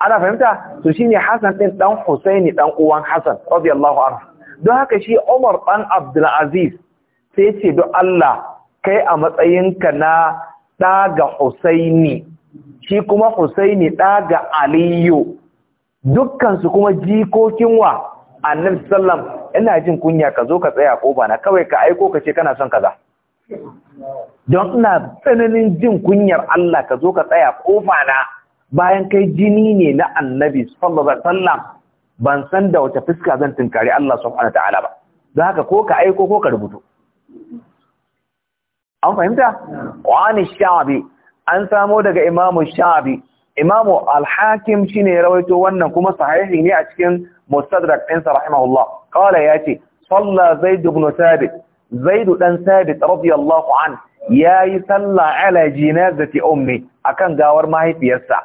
Ana fahimta? To shi ne Hassan ɗin ɗan Husaini ɗan uwan Hassan, radiyallahu anhu. Don haka shi Umar ɗan Abdulaziz sai ce don Allah kai a matsayinka na ɗaga Husaini shi kuma Husaini ɗaga Aliyu dukkansu kuma jikokin wa annabi sallam ina jin kunya ka zo ka tsaya kofa na kawai ka aiko ka ce kana son kaza don ina tsananin jin kunyar Allah ka zo ka tsaya kofa na bayan kai jini ne na annabi sallallahu alaihi wasallam ban san da wata fuska zan tunkari Allah subhanahu wataala ba za ka ko ka aiko ko ka rubuto an fahimta wani sha'abi an samo daga imamu sha'abi imamu alhakim hakim shine rawaito wannan kuma sahihi ne a cikin mustadrak ɗinsa rahimahullah kala ya ce salla zaid ibn sabit zaid dan sabit radiyallahu an yayi sallah ala jinazati ummi akan gawar mahaifiyarsa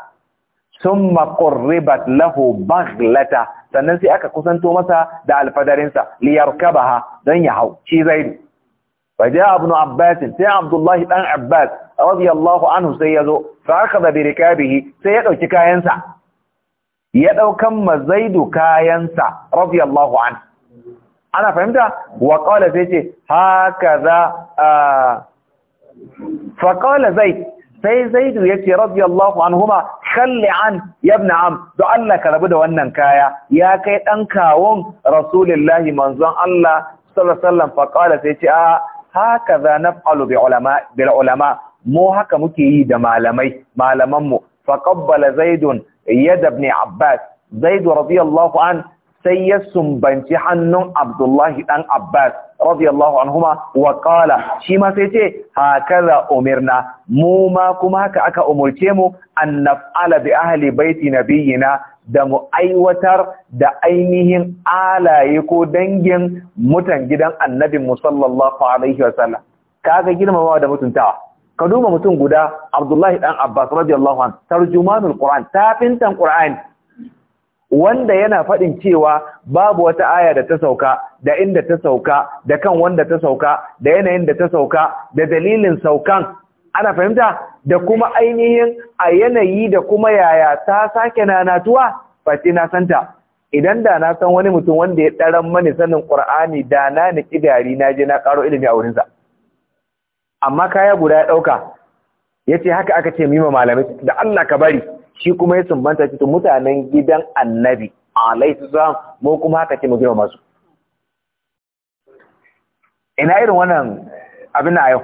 summa qurribat lahu baghlata sannan sai aka kusanto masa da alfadarinsa liyarkabaha dan ya hau shi zaid فجاء ابن عباس سي عبد الله بن عباس رضي الله عنه سيده فأخذ بركابه سيده كاينسا يدو كم زيد كاينسا رضي الله عنه أنا فهمت وقال زيد هكذا آه. فقال زيد سي زيد يتي رضي الله عنهما خل عن يا ابن عم دعلك لابد وأنن كايا يا كي أنكاوم رسول الله منزل الله صلى الله عليه وسلم فقال سيتي آه hakaza za na falo bil ulama mu haka muke yi da malamai malamanmu faƙabbala zaidun yadda ibn abbas zaidu radiyallahu an sai ya sumbanci hannun Abdullahi Ɗan Abbas radiyallahu anhuma wa shi ma sai ce hakaza umirna mu ma kuma haka aka umurce mu an naf'ala bi ahli baiti nabiyina da mu aiwatar da ainihin alaye ko dangin mutan gidan annabin mu sallallahu alaihi wasallam kaga girmamawa da mutuntawa ka duba mutum guda Abdullahi Ɗan Abbas radiyallahu anhu tarjumanul Qur'an tafintan Qur'an wanda yana faɗin cewa babu wata aya da ta sauka da inda ta sauka da kan wanda ta sauka da yanayin da ta sauka da dalilin saukan ana fahimta da kuma ainihin a yanayi da kuma yaya ta sake nanatuwa face na santa idan da na san wani mutum wanda ya ɗaran mani sanin ƙur'ani da na niki gari na je na ƙaro ilimi a wurinsa amma kaya guda ya ɗauka ya ce haka aka ce mima malamai da Allah ka bari shi kuma ya sumbanta ce to mutanen gidan annabi alaihi salam mu kuma haka ce mu girma masu ina irin wannan abin a yau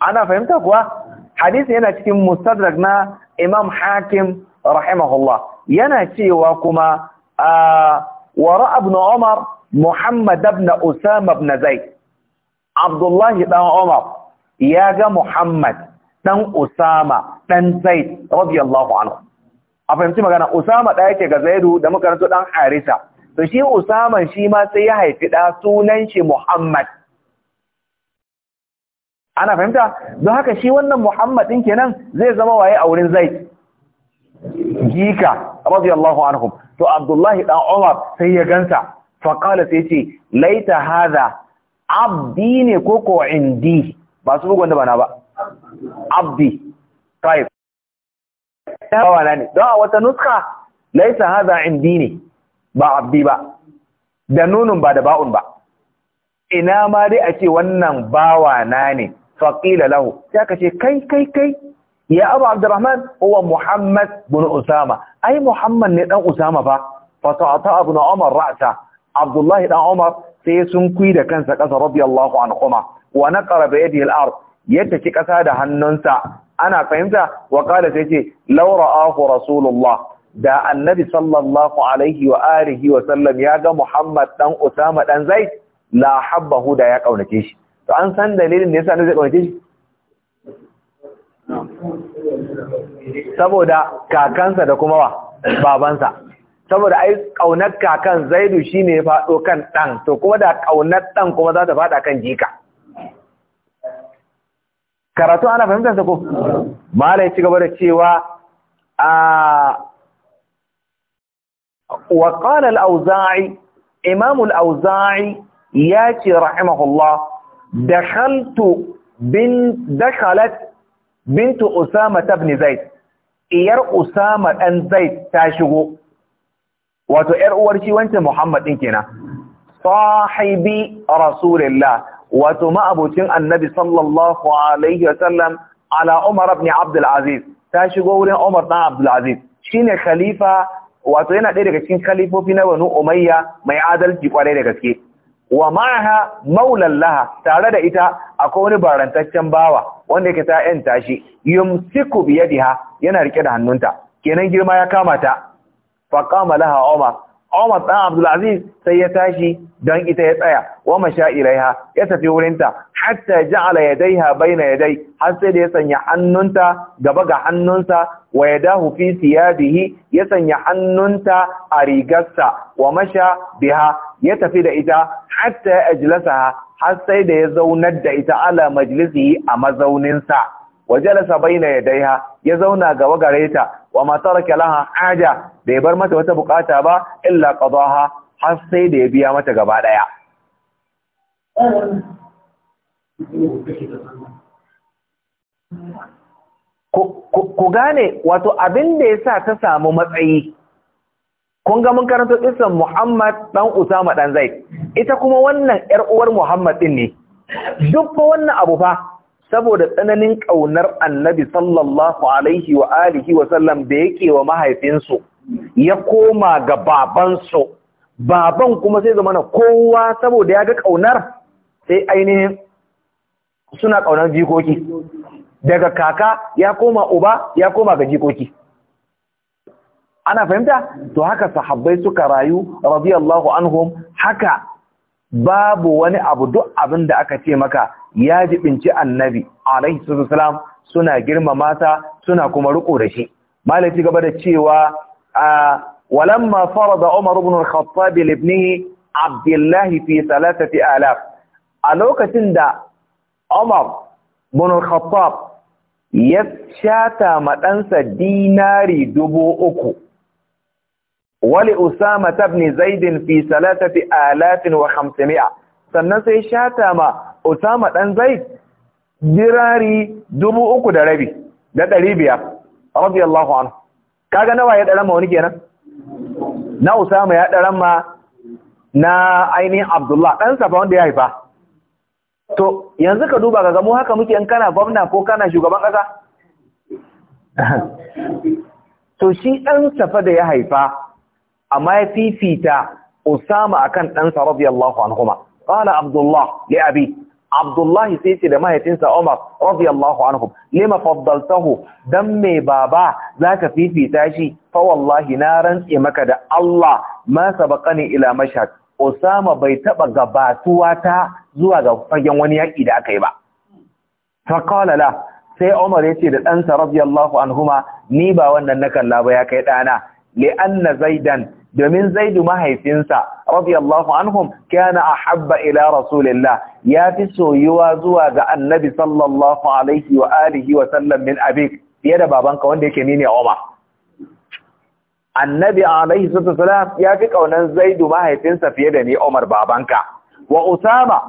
ana fahimta kuwa hadisi yana cikin mustadrak na imam hakim rahimahullah yana cewa kuma wara ibn umar muhammad ibn usama ibn zaid abdullahi dan umar ya ga muhammad dan Usama dan Zaid radiyallahu anhu a fahimci magana Usama da yake ga Zaidu da muka ɗan dan Harisa to shi usama shi ma sai ya haifi da sunan shi Muhammad ana fahimta don haka shi wannan Muhammad din kenan zai zama waye a wurin Zaid gika radiyallahu Anhu. to Abdullahi dan Umar sai ya gansa fa qala sai ce laita hadha abdi ne ko indi ba su bugun da bana ba abdi five bawana ne don a wata nuska laisa haza indi ne ba abdi ba da nunun ba da ba'un ba ina ma dai a ce wannan bawana ne faƙila lahu sai aka ce kai kai kai ya abu abdurrahman huwa muhammad bin usama ai muhammad ne dan usama ba? fa abu na umar ra'sa abdullahi dan umar sai sun kui da kansa kasa an kuma wa naqara bi yadihi al ya taki ƙasa da hannunsa ana fahimta wa qala sai ce law ra'ahu rasulullah da annabi sallallahu alaihi wa alihi wa sallam ya ga Muhammad dan Usama dan Zaid la habbahu da ya kaunace shi to an san dalilin da yasa ne zai kaunace shi saboda kakansa da kuma wa babansa saboda ai kaunar kakan Zaidu shine ya fado kan dan to kuma da kaunar dan kuma za ta fada kan jika karatu ana fahimtar sa ko mala ya ci gaba da cewa a wa qala al-auza'i imam al-auza'i ya ce rahimahullah dakhaltu bin dakhalat bint usama ibn zaid iyar usama dan zaid ta shigo wato yar uwar shi wancan muhammad din kenan sahibi rasulullah wato ma'abocin annabi sallallahu alaihi wasallam ala Umar ibn Abdul Aziz ta shigo wurin Umar ibn Abdul Aziz shine khalifa wato yana ɗaya daga cikin khalifofi na Banu Umayya mai adalci kwarai da gaske wa ma'aha maulan laha tare da ita akwai wani barantaccen bawa wanda yake ta yan tashi yumsiku biyadiha yana rike da hannunta kenan girma ya kama ta fa qama laha Umar Umar ɗan Abdulaziz sai ya tashi don ita ya tsaya wa masha'iraiha ya tafi wurinta hatta ja'ala yadaiha baina yadai har sai da ya sanya hannunta gaba ga hannunsa wa dahu fi siyabihi ya sanya hannunta a rigarsa wa sha biha ya tafi da ita hatta ya ha, har sai da ya zaunar da ita ala majlisihi a mazauninsa wa jalasa baina yadaiha ya zauna ga wagareta wa ma taraka laha haja bai bar mata wata bukata ba illa qadaha har sai da ya biya mata gaba daya ku gane wato abin da yasa ta samu matsayi kun ga mun karanta kisan Muhammad dan Usama dan Zaid ita kuma wannan 'yar uwar Muhammad din ne duk fa wannan abu fa saboda tsananin ƙaunar annabi sallallahu alaihi wa alihi wa sallam da yake wa mahaifinsu ya koma ga babansu baban kuma sai zamana kowa saboda ya ga ƙaunar sai ainihin suna ƙaunar jikoki daga kaka ya koma uba ya koma ga jikoki ana fahimta to haka sahabbai suka rayu radiyallahu anhum haka babu wani abu duk abin da aka ce maka ya jibinci annabi alaihi suna girmama ta suna kuma riko da shi malai ci gaba da cewa walamma farada umar ibn al-khattab ibnihi abdullah fi salatati a lokacin da umar ibn al-khattab ya shata madansa dinari dubu uku wali usama tabni zaidin fi salatati alafin wa 500 sannan sai shata ma usama dan zaid dirari dubu uku da rabi da ɗari biyar radiyallahu anhu kaga nawa ya ɗaran ma wani kenan na usama ya ɗaran ma na ainihin abdullah Ɗan safa wanda ya haifa to yanzu ka duba ga mu haka muke in kana gwamna ko kana shugaban ƙasa (laughs) to shi ɗan safa da ya haifa amma ya fifita Usama akan ɗansa radiyallahu anhuma qala Abdullah li abi Abdullah sai ce da mahaifinsa Umar radiyallahu anhu lima faddaltahu dan me baba zaka fifita shi fa wallahi na rantse maka da Allah ma sabaqani ila mashhad Usama bai taba gabatuwa ta zuwa ga fagen wani yaki da aka yi ba fa qala la sai Umar ya ce da ɗansa radiyallahu anhuma ni ba wannan na kalla ba ya kai ɗana li'anna zaidan domin zaidu mahaifinsa Allahun anhum kana Habba ila rasulillah ya fi soyuwa zuwa ga annabi sallallahu alaihi wa alihi wa sallam min abik fiye da babanka wanda yake nini a Umar annabi alaihi sallallahu alaihi ya fi ƙaunar zaidu mahaifinsa fiye da ni Umar babanka wa Usama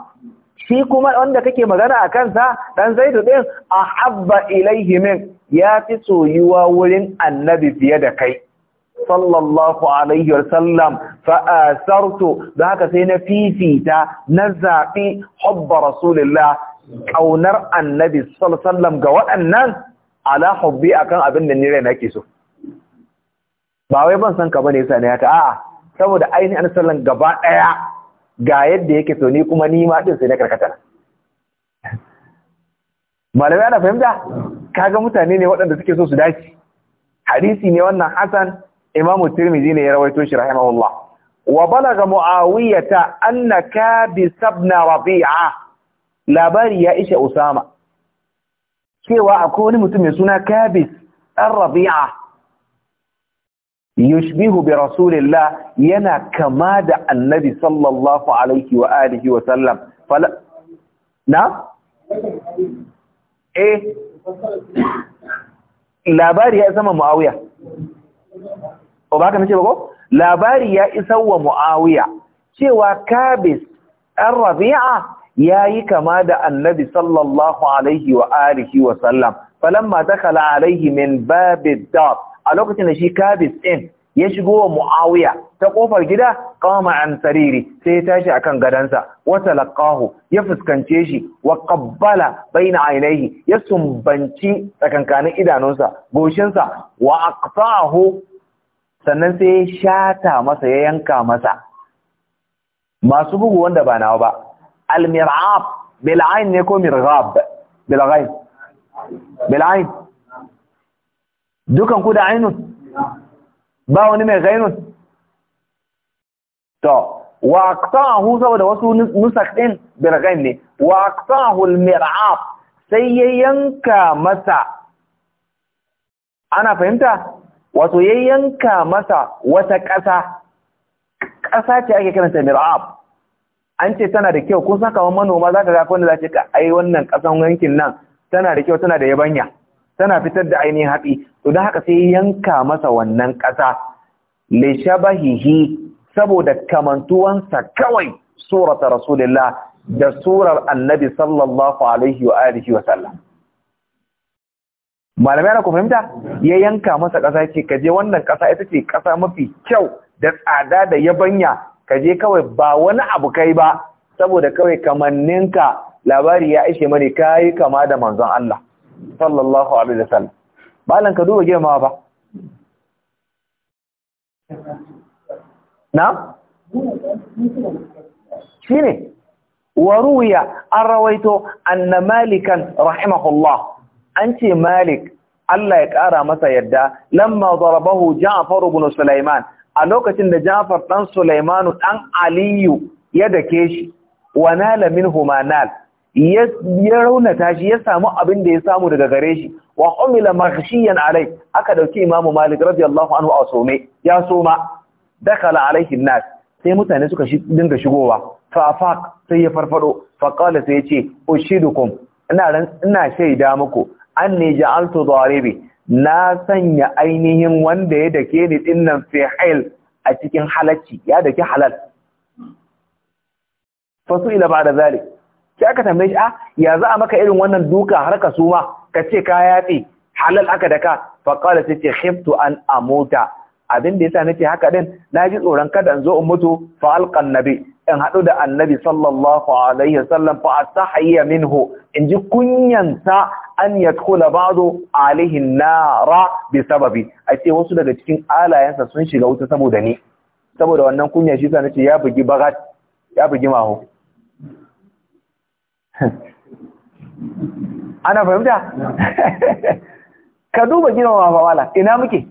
shi kuma wanda kake magana a kansa ɗan zaidu din a Habba ilaihimin ya fi soyuwa wurin annabi fiye da kai sallallahu alaihi wasallam fa'asartu da haka sai na fifita na zaɓi hubba rasulillah ƙaunar annabi sallallahu ga waɗannan ala hubbi akan abin da ni nake so ba wai ban san ka bane sai na ta. a'a saboda ainihin annabi sallallahu gaba ɗaya ga yadda yake so ni kuma ni ma din sai na karkata malamai ana fahimta kaga mutane ne waɗanda suke so su dace hadisi ne wannan hasan إمام الترمذي يرويته شي رحمه الله وبلغ معاوية أن كابس بن ربيعة لا باري يائش أسامة كيف أكون متمسنا كابس الربيعة يشبه برسول الله ينا كماد النبي صلى الله عليه وآله وسلم فلا نعم ايه لا باري يا أسامة معاوية o ba ba ko labari ya isa wa muawiya cewa kabis ɗan rabi'a yayi kama da annabi sallallahu alaihi wa alihi wa sallam falamma dakala alaihi min babid dar a lokacin da shi kabis ɗin, ya shigo wa Muawiya ta kofar gida qama an sariri sai ya tashi akan gadansa wa talaqahu ya fuskance shi wa qabbala baina ainihi ya sumbanci tsakankanin idanunsa goshinsa wa aqta'ahu sannan sai ya shata masa ya yanka masa masu bugu wanda ba nawa ba almir'ab bil'ain ne ko mirab bil'ain bil'ain dukan ku da ainun ba wani mai gainun to wa aqtahu saboda wasu nusak din bil'ain ne wa aqtahu almir'ab sai ya yanka masa ana fahimta wato ya yanka masa wata ƙasa ƙasa ce ake kiranta mir'ab an ce tana da kyau kun saka wa manoma za ka ga wanda za ce ka ai wannan ƙasan yankin nan tana da kyau tana da yabanya tana fitar da ainihin haɗi. to don haka sai ya yanka masa wannan ƙasa li shabahihi saboda kamantuwansa kawai surata rasulillah da surar annabi sallallahu alaihi wa alihi wa sallam malamai na ku fahimta ya yanka masa ƙasa ce ka je wannan ƙasa ita ce ƙasa mafi kyau da tsada da yabanya ka je kawai ba wani abu kai ba saboda kawai kamanninka labari ya ishe mani kayi kama da manzon Allah sallallahu alaihi wa sallam. malam ka duba girma ba na shine waruya an rawaito anna malikan rahimahullah an ce malik Allah ya ƙara masa yadda lamma zarabahu Ja'far ibn Sulaiman a lokacin da Ja'far dan Sulaimanu dan Aliyu ya dake shi Wana nala minhu ya raunata shi ya samu abin da ya samu daga gare shi wa umila maghshiyan alai aka dauki imam'u Malik radiyallahu anhu a some ya soma dakala alaihi nas sai mutane suka dinga shigowa fa faq sai ya farfado fa qala sai ya ce ushidukum ina ina shaida muku an anni ja'altu daribi na sanya ainihin wanda ya dake ni dinnan fi a cikin halacci ya dake halal fasu ila da zari, Ki aka tambaye shi a? Ah, ya za a maka irin wannan duka har ka suma ka ce ka yatsi halal aka daka ka, qala sai ce khiftu an amota, abin da ya yasa nake haka ɗin na ji tsoron kada in zo in mutu fa nabi in haɗu da annabi sallallahu alaihi wasallam fa astahiyya minhu in ji kunyansa an yadkhula ba'du alaihi nara bi sababi a ce wasu daga cikin alayansa sun shiga wuta saboda ni saboda wannan kunya shi sa nace ya bugi bagat ya bugi maho (laughs) ana fahimta (laughs) ka duba girmama fa wala ina muke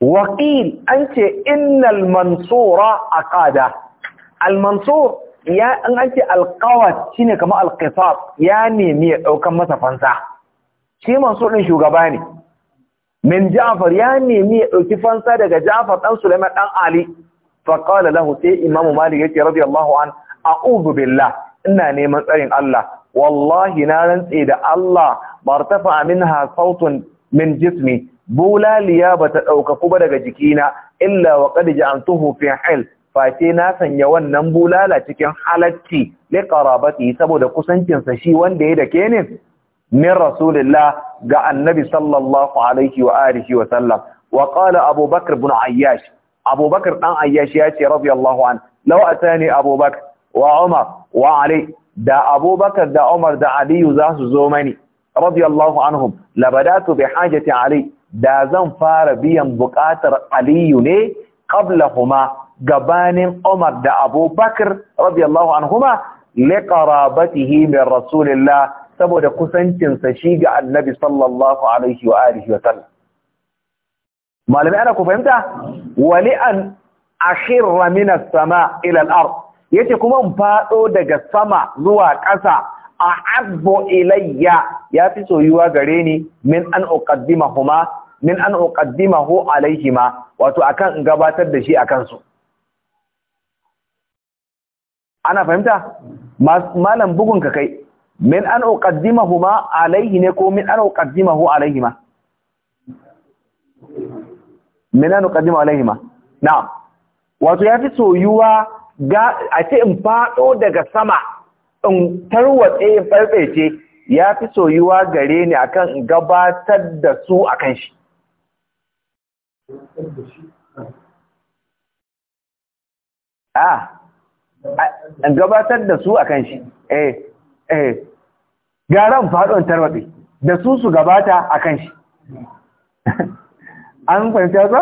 Waƙil an ce innal mansura a ƙada. mansur ya an ake shine kamar alqisas ya nemi ya ɗaukan masa fansa shi mansur ɗin shugaba ne min Ja'far ya nemi ya ɗauki fansa daga Ja'far ɗan Suleiman ɗan Ali fa lahu sai Imam Malik yake radiyallahu an a'udhu billah ina neman tsarin Allah wallahi na rantse da Allah bartafa ha sautun min jismi bulaliya ba ta ɗaukaku ba daga jikina illa wa qad ja'altuhu fi hal face na sanya wannan bulala cikin halacci li qarabati saboda kusancinsa shi wanda ya dake ne min rasulillah ga annabi sallallahu alaihi wa alihi wa sallam wa qala abubakar ibn ayyash abubakar dan ayyash ya ce radiyallahu an law atani abubakar wa umar wa ali da abubakar da umar da aliyu za su zo mani radiyallahu anhum labadatu bi hajati ali da zan fara biyan buƙatar aliyu ne kuma gabanin umar da abubakar radiyallahu anhuma liqarabatihi min rasulillah saboda kusancinsa shi ga annabi sallallahu alaihi wa alihi wa sallam malamai ana ku fahimta wali an akhirra min as-sama ilal al yace kuma in fado daga sama zuwa ƙasa ahabbu ilayya ya fi soyuwa gare ni min an uqaddimahuma min an uqaddimahu alaihima wato akan in gabatar da shi akan su ana fahimta malam bugun ka kai min an uqaddimahuma alaihi ne ko min an uqaddimahu alaihima min an uqaddimahu alaihima na'am wato ya fi soyuwa ga a ce in fado daga sama in tarwatse farfece ya fi soyuwa gare ni akan in gabatar da su a kan shi a in gabatar da su a kan shi eh eh garan faɗon tarwatse da su su gabata a kan shi (laughs) an fahimta ba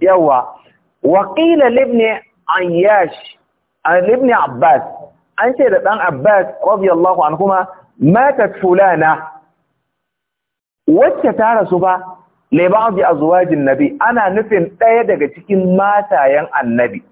yawa waqila libni ayyash libni abbas an ce da ɗan Abbas radiyallahu kuma matat fulana wacce ta rasu ba laiba'u a azwajin nabi ana nufin ɗaya daga cikin matayen annabi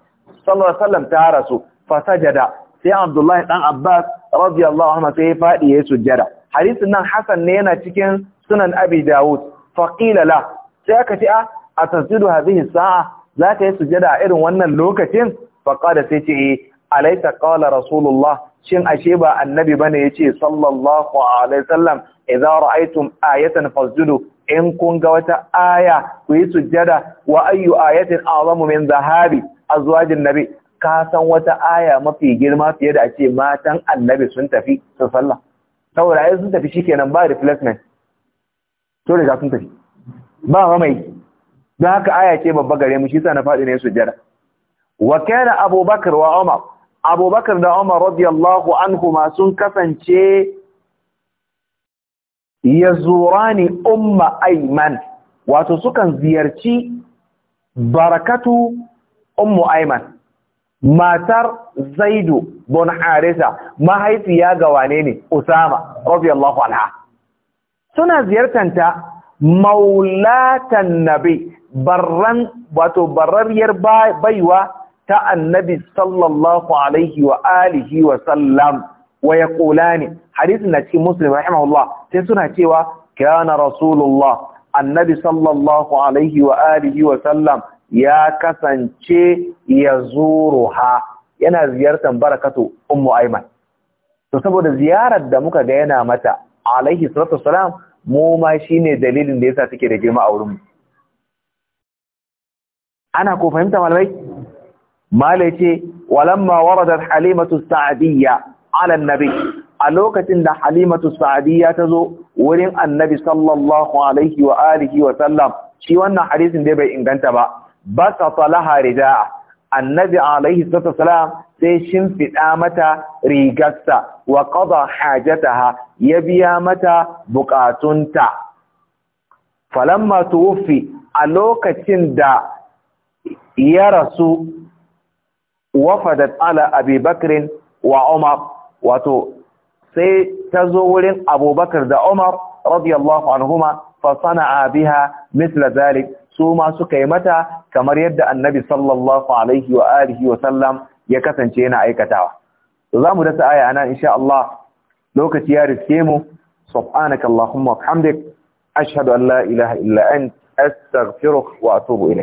sallallahu ta rasu fasajada sai Abdullahi ɗan Abbas radiyallahu anhu sai ya faɗi ya sujjada hadisin nan Hassan ne yana cikin sunan Abi Dawud faqila sai aka ce a atasjudu hadhihi sa'a ka yi sujjada a irin wannan lokacin da sai ce eh. alaita qala rasulullah shin ashe ba annabi bane yace sallallahu alaihi sallam! idza ra'aytum ayatan fasjudu in kun ga wata aya ku yi sujjada wa ayyu ayatin a'zamu min zahabi azwajin nabi ka san wata aya mafi girma fiye da ce matan annabi sun tafi su sallah saboda ai sun tafi shikenan ba replacement to riga sun tafi ba mamaye don haka aya ce babba gare mu shi sa na faɗi ne sujjada wa kana abubakar wa umar abubakar da umar radiyallahu anhuma sun kasance ya zura ni umma aiman wato sukan ziyarci barakatu ummu aiman matar zaidu bin harisa mahaifiya ga wane ne usama radiyallahu anha suna ziyartanta maulatan nabi barran wato barrariyar baiwa ta annabi sallallahu alaihi wa alihi wa sallam wa ne. hadisun na cikin muslim rahimahullah sai suna cewa kana rasulullah annabi sallallahu alaihi wa alihi wa sallam ya kasance ya ha yana ziyartar barakatu ummu aiman to saboda ziyarar da muka ga yana mata alaihi salatu wassalam mu ma shine dalilin da yasa take da girma a wurin mu ana ko fahimta malamai mala yace walamma waradat halimatu sa'diyya ala annabi a lokacin da halimatu ta zo? wurin annabi sallallahu alaihi wa alihi wa sallam shi wannan hadisin dai bai inganta ba baka salaha ridaa annabi alaihi salatu wasalam sai shimfiɗa mata rigarsa wa qada hajataha ya biya mata buƙatunta falamma tuwfi a lokacin da ya rasu wafadat ala abi bakrin wa umar wato sai ta zo wurin abubakar da umar radiyallahu anhuma fa sana'a biha mithla zalik su ma suka yi mata kamar yadda annabi sallallahu alaihi wa alihi wa sallam ya kasance yana aikatawa za mu dasa aya anan insha Allah lokaci ya riske mu subhanaka allahumma wa bihamdik ashhadu an la ilaha illa ant astaghfiruka wa atubu